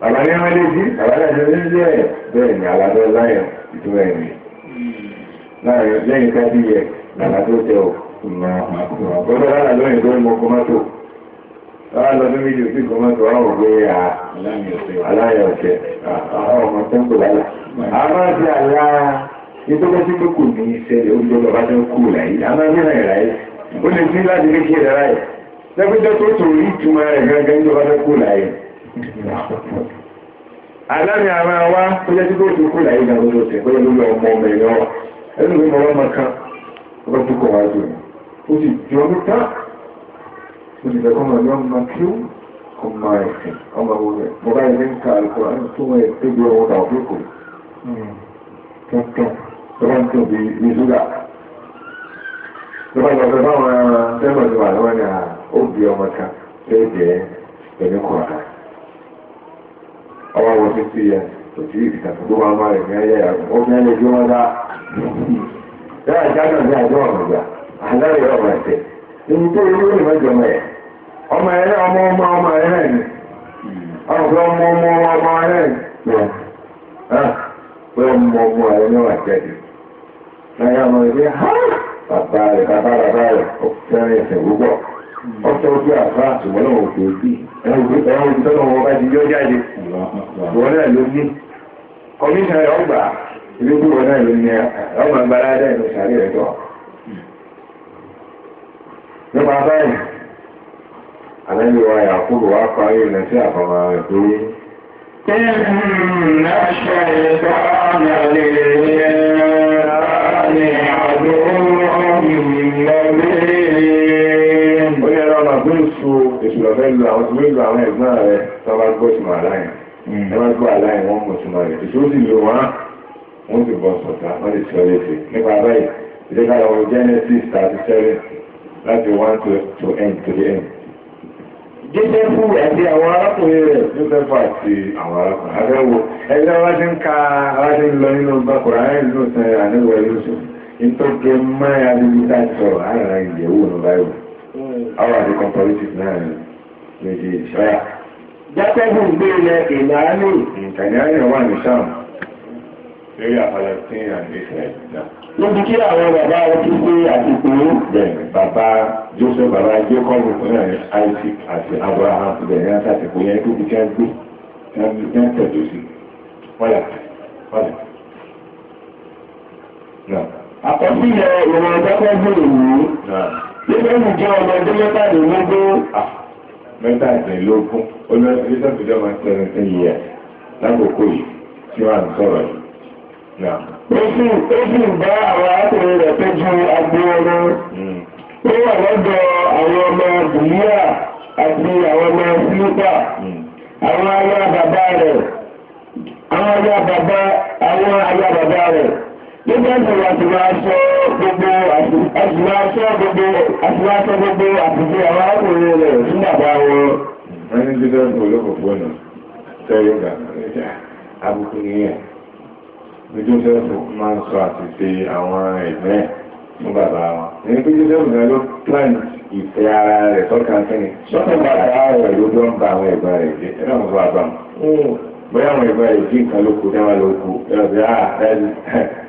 bàbá ní wọn lè jí bàbá ní ẹjọ́ lórí ẹ̀ bẹ́ẹ̀ ni alábẹ́ láyọ̀ ìtumọ̀ ẹ̀mí láàrin lẹ́yìn kábí yẹ bàbá tó tẹ ò gbọ́dọ̀ lára lóyìn tó ń mọ kọmátò lára lọ lórí ìjọ sí kọmátò àwọn òwe aláyọ̀ ọ̀tẹ̀ alámi àwọn àwa ó jẹ́ títí òkú kúlà yìí náà lóṣooṣù pé lórí ọmọ ọmọ ẹ̀yọ wa ẹni ló mọ ọmọ kan ọgbọ́n tó kọ̀ wá jù ó sì jọ ní tá ó sì fẹ́ kọ́mọ ní ọmọ kí ó ọmọ ẹ̀sìn ọmọ ọmọ rẹ̀ mo bá ilé ń ka àlùkò tó wọn ẹ̀ tóbi ọmọ ọ̀dà òfin kò tuntun tó bá ń tún bí ní ṣúgà tó bá lọ́sọ̀ báwọn tẹ́lọ̀ ti wà lọ́wọ́ ní òbí ọmọ kan tó jẹ́ ẹ̀mí kọ̀ọ̀kan. ọwọ́ wọ sí sí ẹ̀ kò sí ìkàtà máa máa rẹ̀ ní ayé ẹni tí wọ́n dá yàrá ìjánu ní àjọ tó yẹ ọmọ ẹ̀rẹ́ ọmọ ọmọ ọmọ ẹ̀rẹ́ ọ̀gbọ́n ọmọ ọmọ ọmọ ẹ̀rẹ́ ọmọ ọmọ ẹ̀rẹ́ ni ọmọ ẹ̀rẹ́ ọ̀tọ̀ ojú àbá àtùwọ́lọ́ òkè òbí ẹ̀wọ̀n ìtọ́nà wọn bá ti yọ jáde ló ní ọgbà wọn náà ló ní ọgbà sàrí nípa báyìí àlejò wa yà kúrò wá ilẹ̀ sí àbámá إن الشيطان للإنسان عدو مبين lọ́fẹ́ lu àwọn tó lu àwọn ẹ̀gbọ́n rẹ̀ tó bá gbọ́ ìtumọ̀ aláyàn ẹ hmm. bá gbọ́ aláyàn wọn mọ̀ ìtumọ̀ rẹ̀ ìṣòro sì lò wọ́n wọ́n ti bọ̀ sọ̀tà wọ́n ti sọ léṣe nípa báyìí ìdíkà lọ Genesis thirty seven láti one to to end to the end. Jósẹ́fù àti àwọn arákùnrin rẹ̀ Jósẹ́fù àti àwọn arákùnrin abẹ́wò ẹgbẹ́ wa ti ń ka lọ nínú gbàkúrà ẹ̀ nínú sàn àníwọ̀ Yusuf nítorí méjèèjì. jákẹ́bù ń gbére ìlànà ìkànnì wà ní sáà lórí àpàlẹ̀ tí à ń gbé sílẹ̀ náà. níbi kí àwọn bàbá ọtí gbé àti pé bẹ̀rẹ̀ bàbá Joseph bàbá Jacobu náà ní Isaac àti Abraham bẹ̀rẹ̀ náà sàtìkú yẹn tó fi jẹ́ gbé jẹ́ tẹ̀dọ̀ sí wọ́lá wọ́lá. àkọsílẹ̀ ìwọ̀n jákẹ́bù rèé. Jésù jẹ́ ọmọ ọdún mẹ́tàlélógún mẹ́tàdínlógún olóòtú sọ́kùnjọ́ máa tẹ̀lé sí yíyà lákòókò yìí tí wọ́n á sọ̀rọ̀ yìí. ó sì bá àwọn àtẹ̀wé rẹ̀ tọ́jú agbóhóró ó wà lọ́dọ̀ àwọn ọmọ bùníà àti àwọn ọmọ sílípà àwọn ará bàbá rẹ̀ àwọn ará bàbá rẹ̀ nígbà tí wọ́n ti máa sọ ọ́ gbogbo àṣìláṣọ́ gbogbo àṣìláṣọ́ gbogbo àṣìṣe àwọn arákùnrin rẹ̀ fún bàbá wọn. wọ́n ní dídá ń olóko fóònù tẹ́lẹ̀ gbà níjà abúkú nìyẹn bí joseph máa ń sọ àṣìṣe àwọn ẹ̀gbẹ́ fún bàbá wọn. ẹni pé joseph náà ló plant ìfẹ́ ara rẹ̀ sọ́kà sẹ́ni sọ́kà bàbá rẹ̀ ló dán ba àwọn ẹ̀gbọ́n rẹ̀ jẹ́ ẹ̀rọ àwọn bàbá wọn. Hmm. bóyá àwọn ẹ̀gbọ́n rẹ̀ jí nǹkan lóko dáwà lóko ẹ̀rọ bí i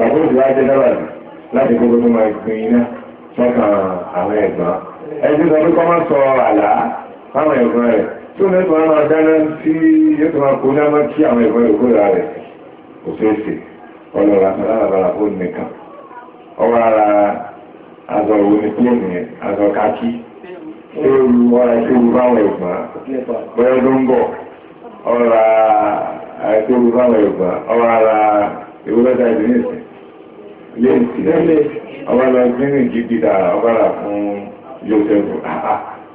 bàbá òjò ajé dára jù láti gbogbo tó máa gbin iná sọ́kàn àwọn ẹ̀gbọ́n ẹni sọ pé kọ́ máa sọ àlá fáwọn ẹ̀gbọ́n rẹ̀ tí òun ẹ̀tọ́ máa dáná sí yóò tó máa kó náà máa kí àwọn ẹ̀gbọ́n rẹ̀ kóra rẹ̀ kò ṣeé ṣe ọlọ́ra alábàárà ó nìkan ọwọ́ ara azọ òun ni pílẹ̀mù yẹn azọ kákí ewu ọ̀rọ̀ ẹ̀kẹ́ ewu fáwọn ẹ̀gbọ́n bóyá tó ń bọ̀ ọ̀rọ̀ ẹ̀kẹ́ ewu fáwọn ẹ̀gbọ́n ọ̀rọ̀ ara ewu lọ́jà ìdílé ìsìn ilé ìtìlẹ̀ ọba gbẹ́rìn gidi dára ọba rà fún Jósẹ́fù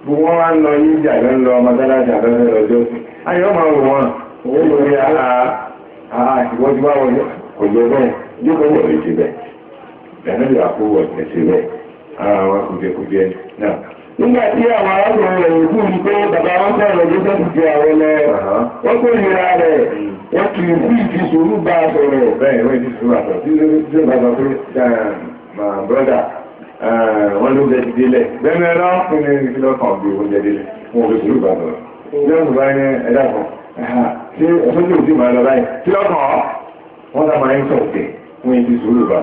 bí wọ́n wá ń lọ yíjà lọ ń lọ mọ́tálásí àbẹ́fẹ́ lọ́jọ́ ayọ́ máa wò wọ́n owó lórí wọn kò lọ bẹ́ẹ̀ yóò kọ́ wọ̀lẹ̀ bẹ́ẹ̀ lẹ́nu wọ̀ nígbà tí àwọn arákùnrin rẹ̀ yòókù ní pé bàbá wọn sọ̀rọ̀ ló sẹ́kù ju àwọn lọ ó kò nira rẹ̀ ó hmm. kì í sí um, um, ti sùúrù bá a sọ̀rọ̀. bẹ́ẹ̀ wọ́n ti sùúrù àtọ̀ tí ó ti bá sọ pé brọ́dà wọ́n ló jẹ́ délẹ̀ bẹ́ẹ̀ lọ fún mi kí lọ́ kàn bí oúnjẹ délẹ̀ fún òun sùúrù bá sọ̀rọ̀. lọ́sùn bá ní ẹ̀dá kan ṣé ọ̀sọ́jú òsì máa lọ báyìí kí lọ́kàn ọ́ wọ́n sá máa ń sọ òkè fún ibi sùúrù bá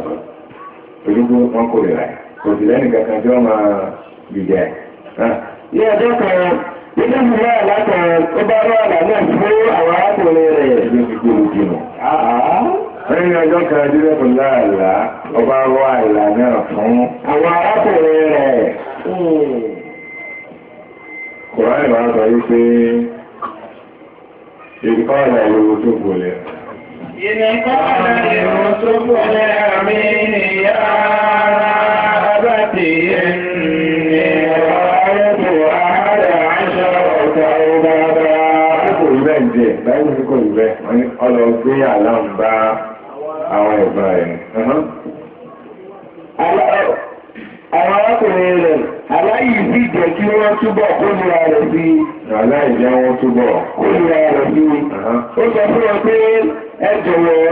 sọ̀rọ̀ gbígbẹ́. Ah, ní ọjọ́ kan nínú ìlú àlá kan bá rọ àlá náà fún àwọn arákùnrin rẹ̀ ní gbogbo ìdìbò. lẹ́yìn ọjọ́ kan dídẹ́ kò ní ah, ah. ó bá rọ àlá náà fún àwọn arákùnrin rẹ̀. Hmm. kòránì máa sọ wípé ìkọ́ àlá ìlú tó kù lẹ̀. إذ قال يوسف لأبيه يا challenge ẹ̀ báyìí ní kò yìí bẹ́ẹ̀ wọ́n ní ọlọ́ gbé àlám bá àwọn ẹ̀gbọ́n rẹ̀ ni. àwọn arákùnrin rẹ̀ aláìsí jẹ́ kí wọ́n túbọ̀ kórìíra rẹ̀ sí i. aláìsí wọn túbọ̀ kórìíra rẹ̀ sí i. ó sọ fún wọn pé ẹ jọ̀wọ́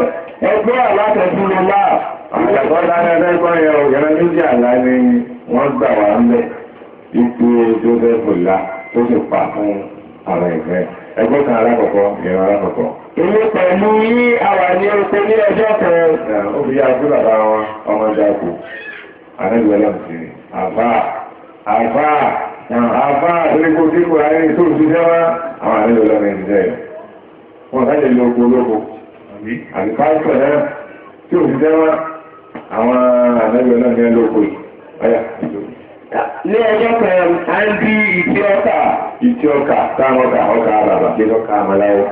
ẹgbẹ́ alákẹ́sí ló láà. àgbàgbọ́ lára ẹgbẹ́ yẹn òyìnbó méjì àlá ni wọ́n gbà wá ń bẹ̀. ipò joseph la tó sì pa fún àwọn ẹgbẹ́. ẹgbẹ́ kan alákọ̀ọ́kọ́ ìran alákọ̀ọ́kọ́. Èmi pẹ̀lú yí àwà ní oko ní ọjọ́ kan. Ó fi yára sí bàbá wọn ọmọ àbá, àbá, àbá tí kò ráyé tó ń ṣiṣẹ́ wá àwọn Wọ́n lo olóko, àbí pásítọ̀ náà tí ò ṣiṣẹ́ wá àwọn lóko yìí. ní ọjọ́ kan à ń bí ìtì ọkà ìtì ọkà táwọn ọkà ọkà àràbà kí ọkà àmàláwọ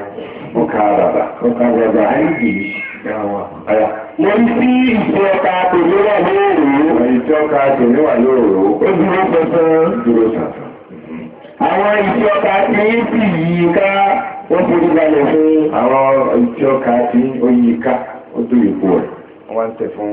ọkà àràbà ọkà àràbà à ń bì í. mo ń sí ìtì ọkà tèmi wà lóòrò. ìtì ọkà tèmi wà lóòrò. ó dúró sọsán. dúró sọsán. àwọn ìtì ọkà tí ń sì yí ká wọ́n forí balẹ̀ fún. àwọn ìtì ọkà tí yí ká ó tó wọ́n tẹ̀ fún.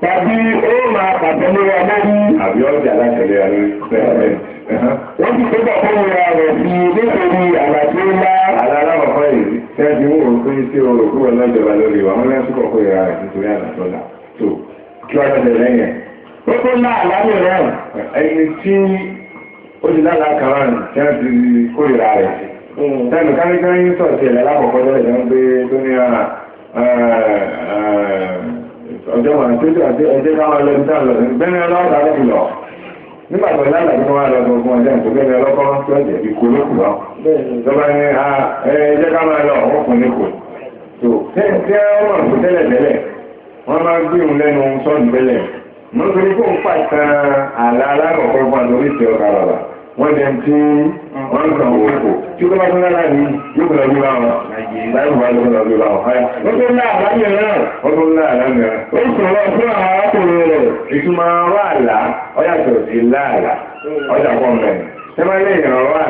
tàbí lórí. àbí ọjà lórí. wọ́n ti tó bọ̀ fún rẹ̀ sí nítorí èyí tí ti mú òun pé tí o rò kú wọn lọ́jọba lórí wa wọ́n lásìkò kó ya rẹ̀ nítorí àlà tó tó kí wọ́n tẹ̀lé lẹ́yìn. ó tó ahụ. àlámì rẹ̀. ẹni tí ó ti lálàá kan rán tí wọ́n ti kó ìra rẹ̀ sí. sẹ́nu káríkárí sọ̀tì ẹ̀ ọjọ́ wọn tó jẹ́ àti ẹjẹ́ káwọn lọ sí àlọ́ bẹ́ẹ̀ ọlọ́ọ̀dà lẹ́bi lọ nígbà tó lálẹ́ tó wà lọ fún ọjọ́ ìkó bẹ́ẹ̀ ọlọ́kọ́ tó ẹ̀jẹ̀ ìkó ló kù lọ lọ́ba ní ah, ẹjẹ́ káwọn lọ wọ́n kù ní kù tó tí wọ́n mọ̀ tó tẹ́lẹ̀ tẹ́lẹ̀ wọ́n máa gbé òun lẹ́nu sọ́ọ̀nù tẹ́lẹ̀ mọ́tò ní kó ń pàtàn àlà alárò wọ́n jẹ́ tí wọ́n ń kàn wọ́n kò tí ó bá tún lára ní yóò kọ́ lọ́bí wọn láì wà lọ́bí lọ́bí bá wọn. ó tún tún ó fún àwọn arákùnrin rẹ̀ ìtumọ̀ ọ̀rọ̀ àlá ọ̀yà tó ti láàlá ọ̀yà pọ̀ mẹ́rin ṣé máa lè yàn ọ̀rọ̀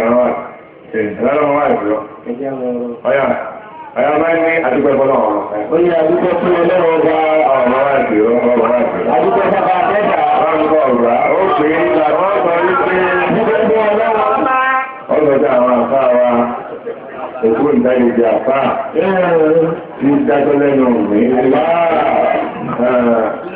àlá ẹ̀lọ́rọ̀ wà ìbúrọ̀. ọ̀yà ọ̀yà ọ̀rọ̀. àdúgbò fún ọlọ́run bá ọ̀rọ̀ ọ̀rọ̀ àdúgbò bàbá ọ̀rọ̀ ó pè é ọlọ́run bá. àwọn àfa wa òkú àfa.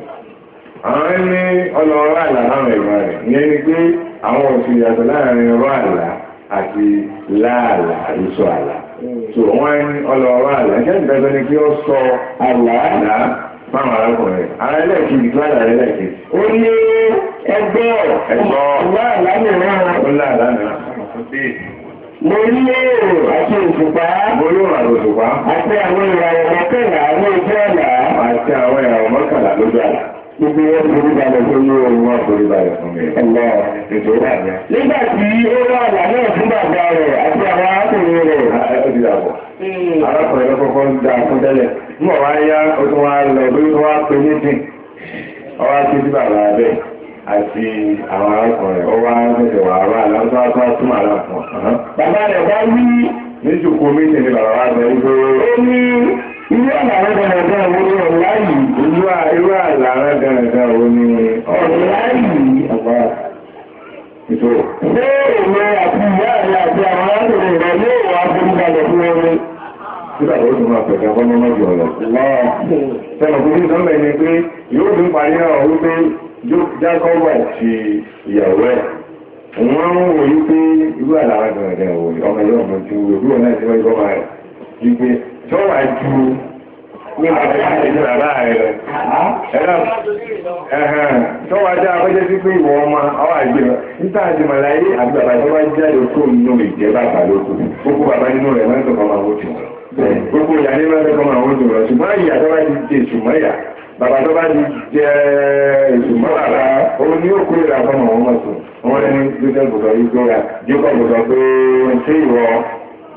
àwọn ẹni ọlọ́ọ̀rọ̀ àlà láwọn ẹ̀gbọ́n rẹ̀ ìyẹn ni pé àwọn òfin yàtọ̀ láàrin ọ̀rọ̀ àlà àti láàlà àdúsọ àlà tó wọ́n ní ọlọ́ọ̀rọ̀ àlà ṣé ìdájọ́ ni kí ó sọ àlà àlà fáwọn arákùnrin ara ẹlẹ́ẹ̀kejì tó àlà ó ní ẹgbẹ́ mìíràn. ó mìíràn mo ní àti òṣùpá. àti òṣùpá. àti àwọn ìràwọ̀ mọ́kànlá àti àwọn ìràwọ̀ gbogbo wọn forí balẹ̀ tó yé wọn wọn forí balẹ̀ fún mi. ọ̀la ètò wà ní. nígbà tí ó wà lànà fún bàbá rẹ̀ àti àwọn arákùnrin rẹ̀. Hmm. arákùnrin rẹ̀ ń da fún o tún wá lọ bí wọ́n ọwọ́ ti bàbá àti àwọn arákùnrin ọwọ́ wà á láńtọ́ tún fún ọ. bàbá rẹ̀ wí irú àlàrà dáradára wo ni ọ̀la yìí irú àlàrà dáradára wo ni ọ̀la yìí ọ̀pá ìtò. ṣé èmi àti ìyá rẹ àti àwọn arákùnrin rẹ yóò wá forúbalẹ̀ fún wọn Nígbà tó tún máa pẹ̀lú ọkọ mọ́mọ́ jù ọ̀rọ̀. Sọ̀rọ̀ kò ní sọ́mọ̀ ẹni pé yóò tún parí ọ̀rọ̀ wípé Jákọ́bù àti ìyàwó ẹ̀. Wọ́n ń wòye pé irú àlàrà dáradára tó wà ju ní àtẹ̀jáde ní bàbá rẹ̀ lọ. tó wà jẹ́ akọ́jẹ́ sí pé ìwọ ọmọ ọwọ́ àgbẹ̀ lọ níta àti màláyé àti bàbá tó wá jáde kó nínú ìjẹ́ bàbá lóko gbogbo bàbá nínú rẹ̀ máa ń tọkọ máa gbogbo ìyá ní máa ń tọkọ máa ṣùgbọ́n ìyá tó ti jẹ ìyá bàbá tó bá ti jẹ eh,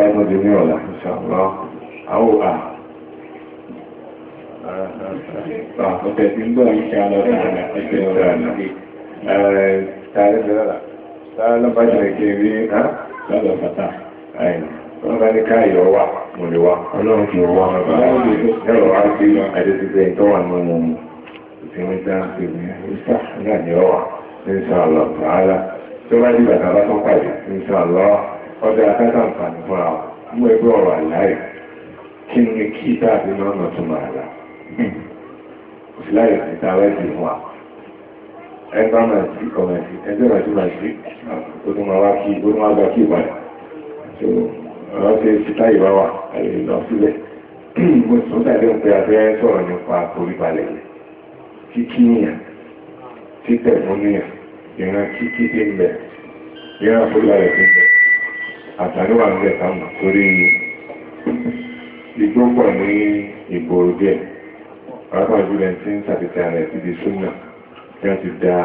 pàmòdì ní ọ̀la ṣàlọ́ àwòrán ọ̀tẹ̀ tí ń bọ̀ ní ṣe alọ́dún àná ẹgbẹ́ ọ̀rọ̀ àná tààrí bẹ̀rẹ̀ tààrí lọ́bàjọ́ ìkẹrí lọ́dọ̀ pátá wọ́n bá ní káyọ̀ wà mo lè wá ọlọ́run fi wọ́n wá bá ẹ̀rọ wá sí àdéṣiṣẹ́ ìtọ́wà náà mọ̀ mọ̀ ìsinmi tá a fi ní ìsá náà ní ọwà ní sọ àlọ́ tààrà tó bá dìgbà tààrà tó pàdé ní sọ ọdẹ adáta nfààní fúnra wa mú ẹgbẹ́ ọ̀rọ̀ àláyé kí ni kí ìdáàbí máa mọ̀ tó máa là òsìláyè ti ta di fún wa ẹgbẹ́ máa ẹgbẹ́ máa máa ó tún máa wá kí ó tún máa gba kí tó ọ̀rọ̀ ṣe ti wà lọ sílẹ̀ mo abẹ́ sọ̀rọ̀ nípa kíkí títẹ̀ ìran kíkí ń bẹ̀ ìran ń bẹ̀. àtàríwà ń bẹ̀ sáwọn torí igbó pọ̀ ní ìgboro díẹ̀ pàápàá jùlọ ẹni tí ń ṣàtìtà rẹ̀ ti di súnà tí wọ́n ti da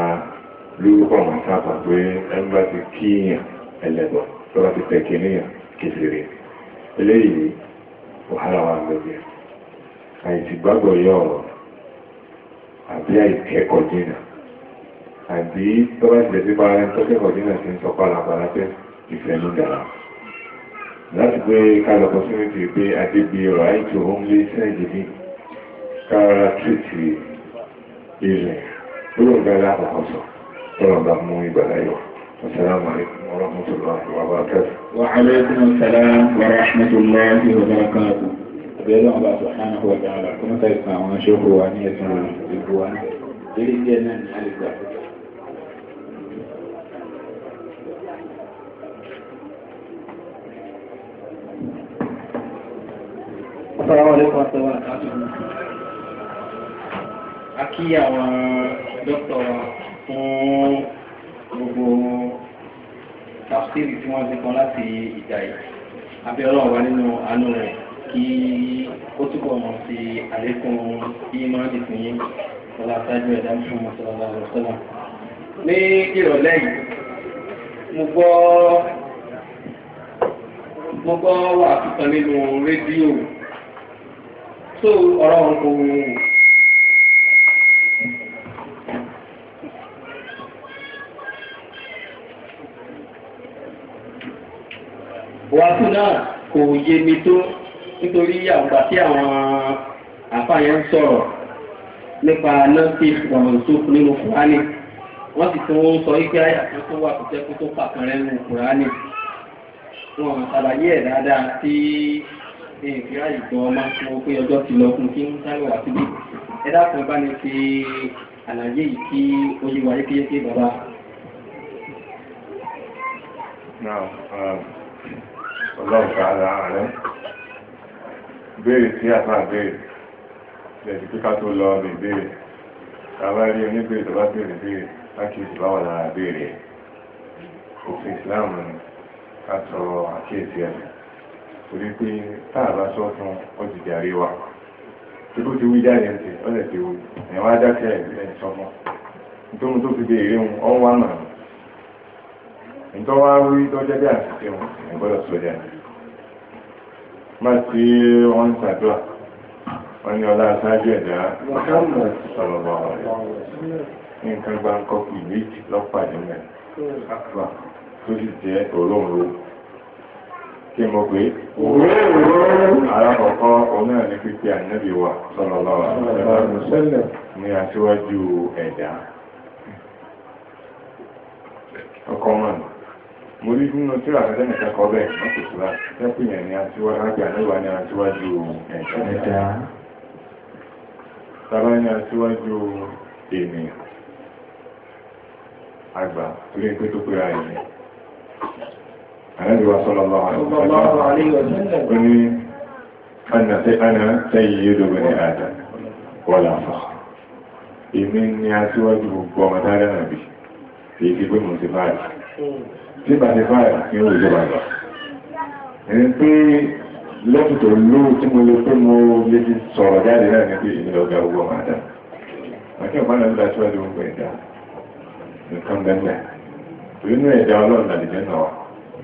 lórúkọ àwọn sábà pé ẹni bá ti kíyàn ẹlẹ́bọ̀ tó bá ti tẹ̀ kíníyàn kìsìrì eléyìí wàhálà wà lóde àìsí gbàgbọ́ yọ ọ̀rọ̀ àbí àìkẹ́kọ̀ọ́ dínà àbí tó bá ti tẹ̀ sí para ẹni tó kẹ́kọ̀ọ́ dínà ti ń sọ pálapàla pé ìfẹ́ ló dára láti pé kálọ̀ opportunity pé adébí ọ̀rọ̀ àìtò omlé sẹ́ẹ̀dì ní kára tìtì ilẹ̀ gbọ́dọ̀ gbá lápapọ̀ sọ tọ́lọ̀ bá mú ìgbàlá yọ assalamu alaikum wa rahmatullahi wa barakatuh. wa alaikum assalam wa rahmatullahi wa barakatuh. abẹ́rẹ́ wọn bá sọ hánà wọ̀ dáadáa kọ́mọ́tà ìsàn àwọn aṣọ́kọ̀ wa ní ẹ̀sìn ìgbò wa náà. eré díẹ̀ náà ni a lè gbà fún Assalamu alaikum àtàwọn àtàwọn. A kí àwọn dókítà wa fún gbogbo tàfsírì tí wọ́n ti kan láti ìjà yìí. Abẹ́ ọlọ́run wa nínú àánú rẹ̀ kí ó túbọ̀ mọ̀ sí àlékún ìmọ̀ràn fún yín lọ́la ṣáájú ẹ̀dá fún mọ̀sálàlá ọ̀sọ́là. Ní ìrọ̀lẹ́ yìí, mo gbọ́ wà kíkan nínú rédíò tó ọ̀rọ̀ òkú. wàásù náà kò yé mi tó nítorí àgbà tí àwọn àfààyàn ń sọ̀rọ̀ nípa nọ́ọ̀sì ìfọ̀mọ̀sọ nínú kùránì wọ́n sì tún ń sọ ike àyàfẹ́ tó wà tó jẹ́ kó tó pàkan nínú kùránì wọn àtàlàyé ẹ̀ dáadáa tí nǹkan ayé gan ọmọ wọn pé ọjọ́ ti lọ fún kí ń sáré wá síbí ẹ dákun bá mi ṣe àlàyé yìí kí ó yé wa yékéyéké bàbá. Um, ọlọ́run ká ara rẹ̀ béèrè sí àfáà béèrè lẹ́yìn pé ká tó lọ ọmọ ìbéèrè àwọn ẹni oníbèrè tó bá béèrè béèrè lákìsì báwọn lára béèrè òfin ìsìláàmù ká sọ àkíyèsí ẹ̀sìn torí pé táàbá sọ́tún ọdìdì àríwá tí ó ti wí jáde ti ọ̀lẹ̀ tí ó ẹ̀ wá dákẹ́ ẹ̀ sọmọ nítorí tó fi dé èrè wọn ọ̀n wá màá nítorí wá rí tọ́jọ́ bí àṣìṣe wọn ẹ̀ gbọ́dọ̀ sọ má sí wọn ṣàdúrà wọn ní ọlá aṣáájú ẹ̀dá sọ̀rọ̀ bọ̀ ọ̀rẹ́ nǹkan gbáǹkọ́kù méjì lọ́pàá nílẹ̀ tó sì jẹ́ òróǹro tí mo gbé alákọ̀ọ́kọ́ òun náà pípẹ́ ànábì wa sallallahu alaihi wasallam ní aṣíwájú ẹ̀dá ọkọ̀ mọ́nà mo rí fún nìkan bẹ́ẹ̀ aṣíwájú ẹ̀dá Ànábì wa sallallahu alaihi wa sallam ó ní ana sayyidu bani Adam wala fakhr. Èmi ni aṣíwájú gbogbo ọmọ dáadáa nàbí, èyí ti gbé mọ̀ sí báyìí. Tí bàtí báyìí ni ó lè bàbá. Ẹni pé lẹ́yìn tó lóò tí mo lè pé mo lè fi sọ̀rọ̀ jáde náà ní pé ìlú ọgá owó ọmọ àdá. Àti ọ̀pá náà lọ́dá síwájú gbogbo ẹ̀dá. Nǹkan bẹ́ẹ̀ bẹ́ẹ̀. Torí inú ẹ̀dá ọlọ́run làdìjẹ́ náà wà.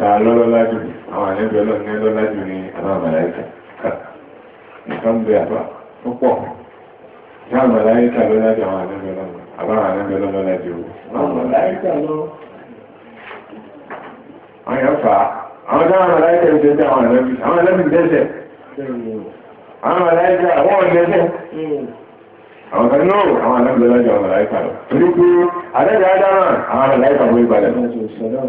lọ́lọ́lájú àwọn àlẹ́bẹ̀ ọlọ́rin awọn ní àwọn àmàláíkà nǹkan bẹ àbá púpọ̀ tí àwọn àmàláíkà lọ́lájú àwọn àlẹ́bẹ̀ ọlọ́rin àbá àlẹ́bẹ̀ lọ́lájú àwọn àmàláíkà ń tẹ́tẹ́ àwọn àlẹ́bẹ̀ àwọn àlẹ́bẹ̀ tẹ́tẹ́ àwọn àmàláíkà àwọn ọ̀lẹ́tẹ́ àwọn kan náà àwọn àlẹ́bẹ̀ lọ́lájú àwọn àmàláíkà lọ torí pé àlẹ́bẹ̀ àwọn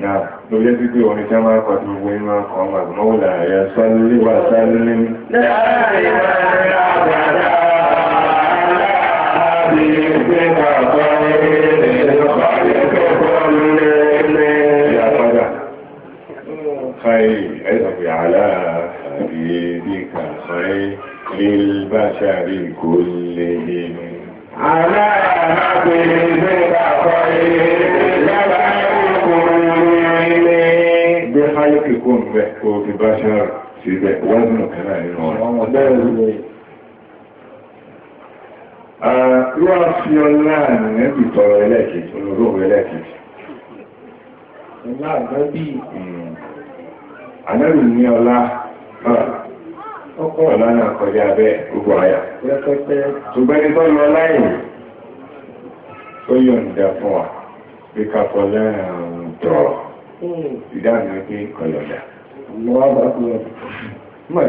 ló jẹ́ sí pé orin tí a máa kọ́ tí gbogbo yín máa kọ́ ọmọ àgbọ̀nmọ́wò láàáyà sálẹ́ wà sálẹ́ ní. láàárín àwọn àgbàdá àbí ìgbẹ́ bàbá ẹ̀rẹ́ lọ́pàá ẹ̀kọ́ bọ́ọ̀lù lẹ́lẹ́. ìyá padà káyé ẹ̀sọ̀ pé àlá àbí bí kàṣẹ́ lílbáṣárì kò lè dé. àlá àbí ìgbẹ́ bàbá ẹ̀rẹ́ mẹ́lìkì kó ń bẹ́ kó fi bá ṣáàrù sí bẹ́ wọ́nà kẹ́lá nínú rẹ̀. Àrúwà fi ọlá nẹ́bì tọrọ ẹlẹ́kìtì, olóró ẹlẹ́kìtì. Ànábì ní ọlá ah. ọkọ̀ ọ̀lá náà kọjá abẹ́ gbogbo àyà. Ṣùgbẹ́ni tó lọ láyìn tó yọ̀ǹda fún wa, bí kápọ̀ lẹ́rìn tọrọ. ìdáhùn náà pé kọ̀yọ̀dà nígbà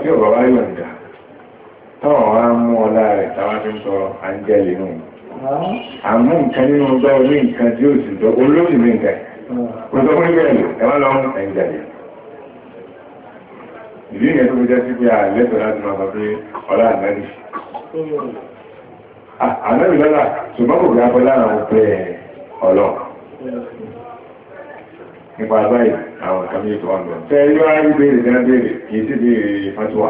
tí ọ̀rọ̀ wáyé ọ̀dà táwọn wá mú ọlá rẹ̀ táwọn fi ń sọ áńgẹ́lì nù àmú nǹkan nínú ọgbà orí nǹkan tí ó sì olóyìn mi nǹkan sọ fún ìlú ẹ wá lọ mú ìdí ìyẹn tó fi jẹ́ sí pé láti máa nípa báyìí àwọn ìkàmí ètò wà ilé wá rí béèrè náà béèrè, kìí sí béèrè fatuwa,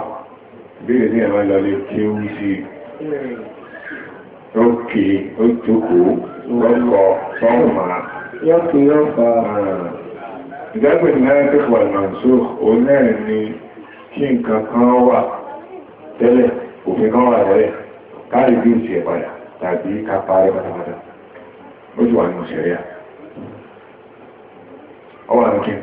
béèrè sí ẹ̀rọ ìlọlé kí ó ń sí. Ókè, ó jókòó, lọ́kọ̀, sọ́ọ̀mà. Yọ́kè yóò fa ìdágbè náà tó wà màṣó, òun náà ni kí nǹkan kan wà tẹ́lẹ̀, òfin kan wà tẹ́lẹ̀, káàrí bí ó padà tàbí ká parí pátápátá. Ó ti wà nínú ṣẹ̀ríà ọwà nìkẹ́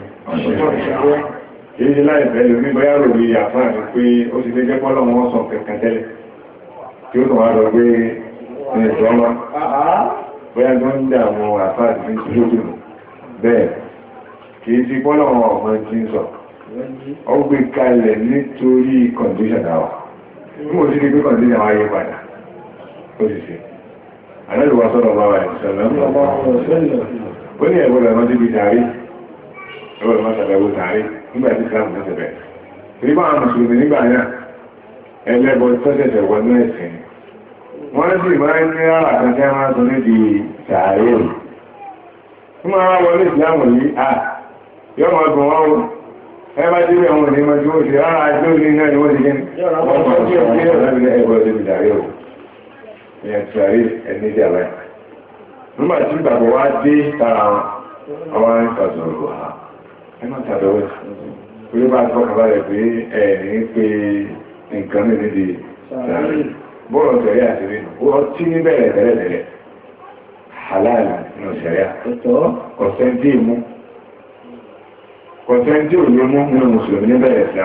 ìṣẹ́ láìpẹ́ lórí bọ́yá lórí àfáà ní pé ó ti lé jẹ́pọ́ lọ́wọ́ wọ́n sọ kẹ̀kẹ́ tẹ́lẹ̀ tí ó tọ̀wà lọ pé ní ìjọba bọ́yá tó ń dà mọ́ àfáà ní ìṣòro bẹ́ẹ̀ kì í ti pọ́ lọ́wọ́ ọ̀gbọ́n tí ń sọ ó gbé kalẹ̀ nítorí kọ̀ǹdíṣàn náà mo ti di pé kọ̀ǹdíṣàn wáyé padà ó sì ṣe àlẹ́ ìwà sọ̀rọ̀ bá wà ìṣẹ̀lẹ̀ ó ní ẹ̀gbọ́n lọ́dún bíi tàrí ọlọ́run má ṣàbẹ̀wò sàárè nígbà tí islam náà ebe torí àwọn mùsùlùmí nígbà náà ẹlẹ́bọ tọ́jẹ̀jẹ̀ wọnú ẹ̀sìn wọ́n sì máa ń ní ara kan tẹ́ máa sọ níbi sàárè rẹ̀ fún ara wọlé yìí à yọ máa gùn wọn o ẹ bá ara náà ah, ni wọ́n ti gé wọ́n nígbà tí ìgbàgbọ́ wá dé tara ẹmọ tàbẹ̀wẹ̀ orí bá ti fọ́kà balẹ̀ pé ẹ̀ẹ̀rin pé nǹkan mi níbi sàárì bọ́ọ̀lù sẹ̀rí àti rí ọtí ní bẹ̀rẹ̀ tẹ́lẹ̀ tẹ́lẹ̀ halálà nù sẹ̀rí kọ̀sẹ́ntì mú kọ̀sẹ́ntì ò ní mú nínú mùsùlùmí ní bẹ̀rẹ̀ sí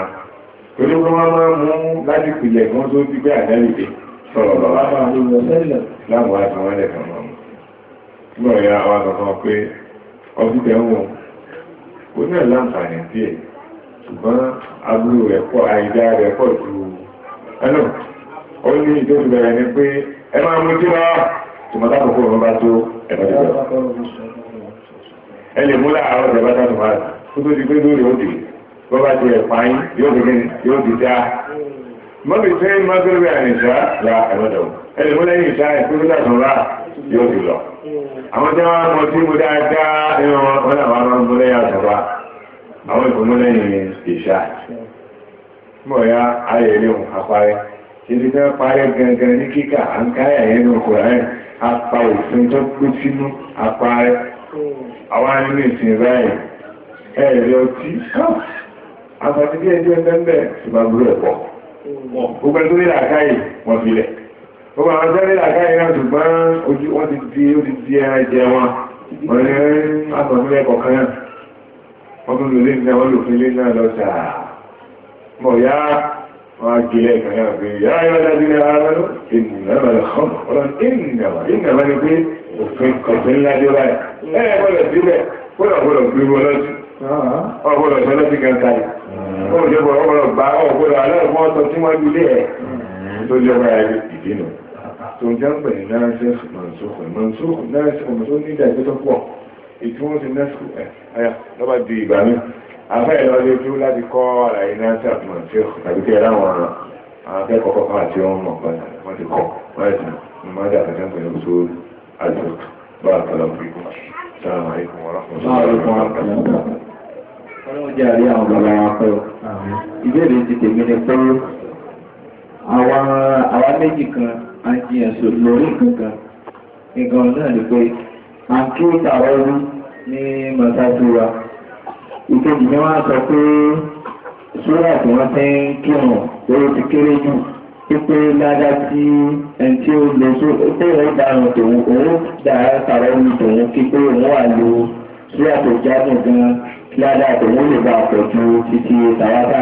torí wọ́n máa mú láti pìlẹ̀ kan tó ti pé àdáyébé sọ̀rọ̀ bàbá láwọn àti wọn lẹ̀ kàn mọ́ ọmọ ìyá wa sọ fún ọ pé ọdún tẹ̀ ń wọ̀n ó náà láǹfààní díẹ̀ ṣùgbọ́n aburú rẹ̀ pọ̀ àìdá rẹ̀ pọ̀ ju ẹnu ó ní ìdókòwò bẹ̀rẹ̀ ni pé ẹ máa mú tí wá tòmọ́tà kòkó ọ̀run bá tó ẹ̀bá jùlọ ẹ lè mú láàárọ̀ ẹ̀bá tó tòmọ́tà kó tó di pé lórí òde bọ́ bá ti ẹ̀pá yín yóò di yóò di dá mọ́bí fẹ́ mọ́tò rẹ̀ àníṣá la ẹ̀mọ́dọ̀ ẹ lè mú lẹ́yìn ìṣá ẹ̀kú yóò ti lọ. àwọn tí wọ́n mọ tí mo dáadáa nínú wọn wọn làwọn máa ń mú lẹ́yìn àwọn lẹ́yìn ya ayé ilé wọn apárẹ́ títí fẹ́ parẹ́ gangan ní kíkà à ń káyà yẹn ní okòrò ayé apá òfin tó kú sínú apárẹ́. àwọn nínú ìsìn báyìí ẹ̀rẹ́ ọtí bí ń bẹ̀ ṣùgbọ́n gbogbo gbogbo gbogbo àwọn tẹ́lẹ̀ àkáyẹ̀ náà ṣùgbọ́n ojú wọ́n ti di ó ti di ẹran jẹ wọn wọ́n ní àtọ̀mílẹ̀ kọ̀ọ̀kan náà wọ́n tún lò lé ní àwọn olùfin lé náà lọ́sà mọ̀ yá wọ́n á gilẹ̀ ìkan náà pé yá yọ dájú ní ara lọ́dún ìnàbà lọ́kàn ọlọ́run ìnàbà ìnàbà ni pé òfin kọ̀ọ̀fin ńlá dé báyìí ẹ̀ gbọ́dọ̀ síbẹ̀ gbọ́dọ̀ gbọ́dọ̀ gbé wọn lọ́sì ah. ọgbọ́dọ̀ sọ lọ́sì kan kalẹ̀ ah. ọgbọ́dọ̀ gbà ọgbọ́dọ̀ alẹ́ ọgbọ́n ọtọ tí wọ́n lulẹ̀ tó ń jáǹpẹ̀ ní násìkò mọ̀nsókò mọ̀nsókò násìkò mọ̀nsókò ní ìdá ìgbésọ̀ pọ̀ ètò wọn ti násìkò ẹ̀ ayà lọ́ba di ìgbà mi àfẹ́ ìlọ lè dúró láti kọ́ àlàyé násìkò mọ̀nsókò tàbí kí ẹ láwọn akẹ́kọ̀ọ́ kọ́kọ́ àti wọn mọ̀ padà wọ́n ti kọ́ wọ́n ti mọ̀ ní àtàjáǹpẹ̀ ní oṣù àjọ̀tò bá àtàlọ́ fún ikú sàlámù alaykum wa rahmatullahi Ọlọ́run jẹ́ àrí àwọn bàbá wa pẹ́ o. Ìbéèrè ti tèmi ni pé àwa méjì kan àjíyàn sọ lórí kankan nǹkan náà ni pé à ń kí tààrọ rú ní mọ́tàtúwa ìkejì ni wọ́n sọ pé sórí àti wọ́n ti ń kírun lórí ti kéré jù pípé ládá tí ẹni tí ó lọ só pé òun dàrún tòun òun dàrá tààrọ rú tòun kí pé òun wà lò sórí àti ìjádùn gan ládá tòun lè bá pọ̀ ju títí tàwa tá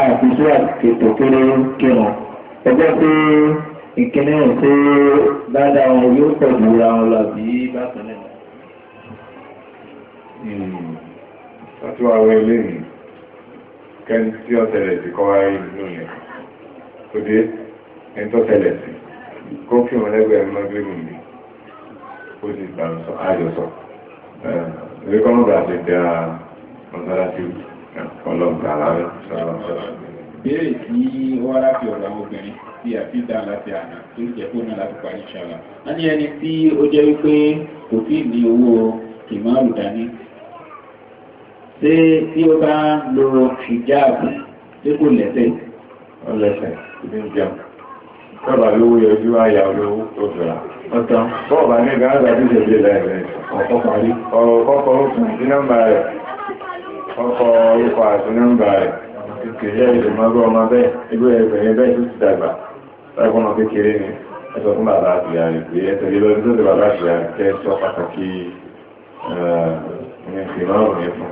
a fi sórí àti ètò kéré kírun ẹgbẹ́ pé ìkíní ẹ̀ ṣe dáadáa wọn yóò pọ̀ ju ra wọn lọ bí bákan náà. Àti hmm. wàá wọ ilé mi, kẹ́ni tí ó tẹ̀lẹ̀ sí kọ́ wáyé inú yẹn. Òde ẹni tó tẹ̀lẹ̀ sí, kó kí wọn lẹ́gbẹ̀ẹ́ mọ́ bí mi ni, ó sì gbà sọ ayọ̀ sọ. Ìwé kọ́mọ́gbà ti dá mọ́sálásí ọlọ́gbà lára sọ̀rọ̀ sọ̀rọ̀ ìbéèrè tí ó wá láti ọ̀dọ̀ àwọn obìnrin tí a fi dá láti àná tó jẹ́ kó náà láti parí ṣàlà. wọ́n ní ẹni tí ó jẹ́ wípé kò tí ì ní owó ìmáàlù dání. ṣé tí ó bá lo hijab tí kò lẹ́sẹ̀? ọlẹ́sẹ̀ ìdí ń jẹun tọ́ba lówó yọjú àyà olówó tó fẹ́ra. ọ̀tàn bọ́ọ̀bà ní gánàdà tó ṣe bí lẹ́ẹ̀rẹ́ ọ̀kọ́ parí ọ̀rọ̀ kọ́kọ́ orúkọ àti nọ́mbà rẹ̀ ọkọ̀ orúkọ àti nọ́mbà kékeré ẹ̀rọ máa rọ ọmọ bẹ́ẹ̀ ẹgbẹ́ ẹgbẹ̀rẹ̀ bẹ́ẹ̀ tó ti dàgbà láìpọ́ ọmọ kékeré ni ẹ sọ fún bàbá àtìyá rẹ̀ pé ẹ tẹ̀lé lọ sí bàbá àtìyá rẹ̀ kẹ́ sọ pàtàkì ẹ̀ẹ́n ìfìmọ́ ọ̀rùn yẹn fún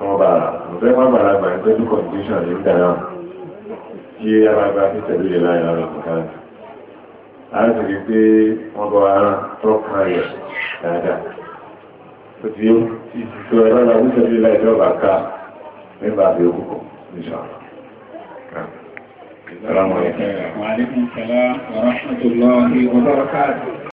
ọmọ bàrà ọ̀fẹ́ má bàrà gbà ní pẹ́ẹ́lú condition yìí ń dà náà kí alágbá sí tẹ̀lé rẹ̀ láì lọ́rọ̀ nǹkan á sì rí pé wọ́n bọ̀ ara tó kan rẹ̀ dáadáa tó ti ó ti sọ ẹ̀rọ làwọn tẹ̀lé láì lọ́rọ̀ àká nígbà àbẹ̀ òkùnkùn إن شاء الله نعم. السلام عليكم وعليكم السلام ورحمة الله وبركاته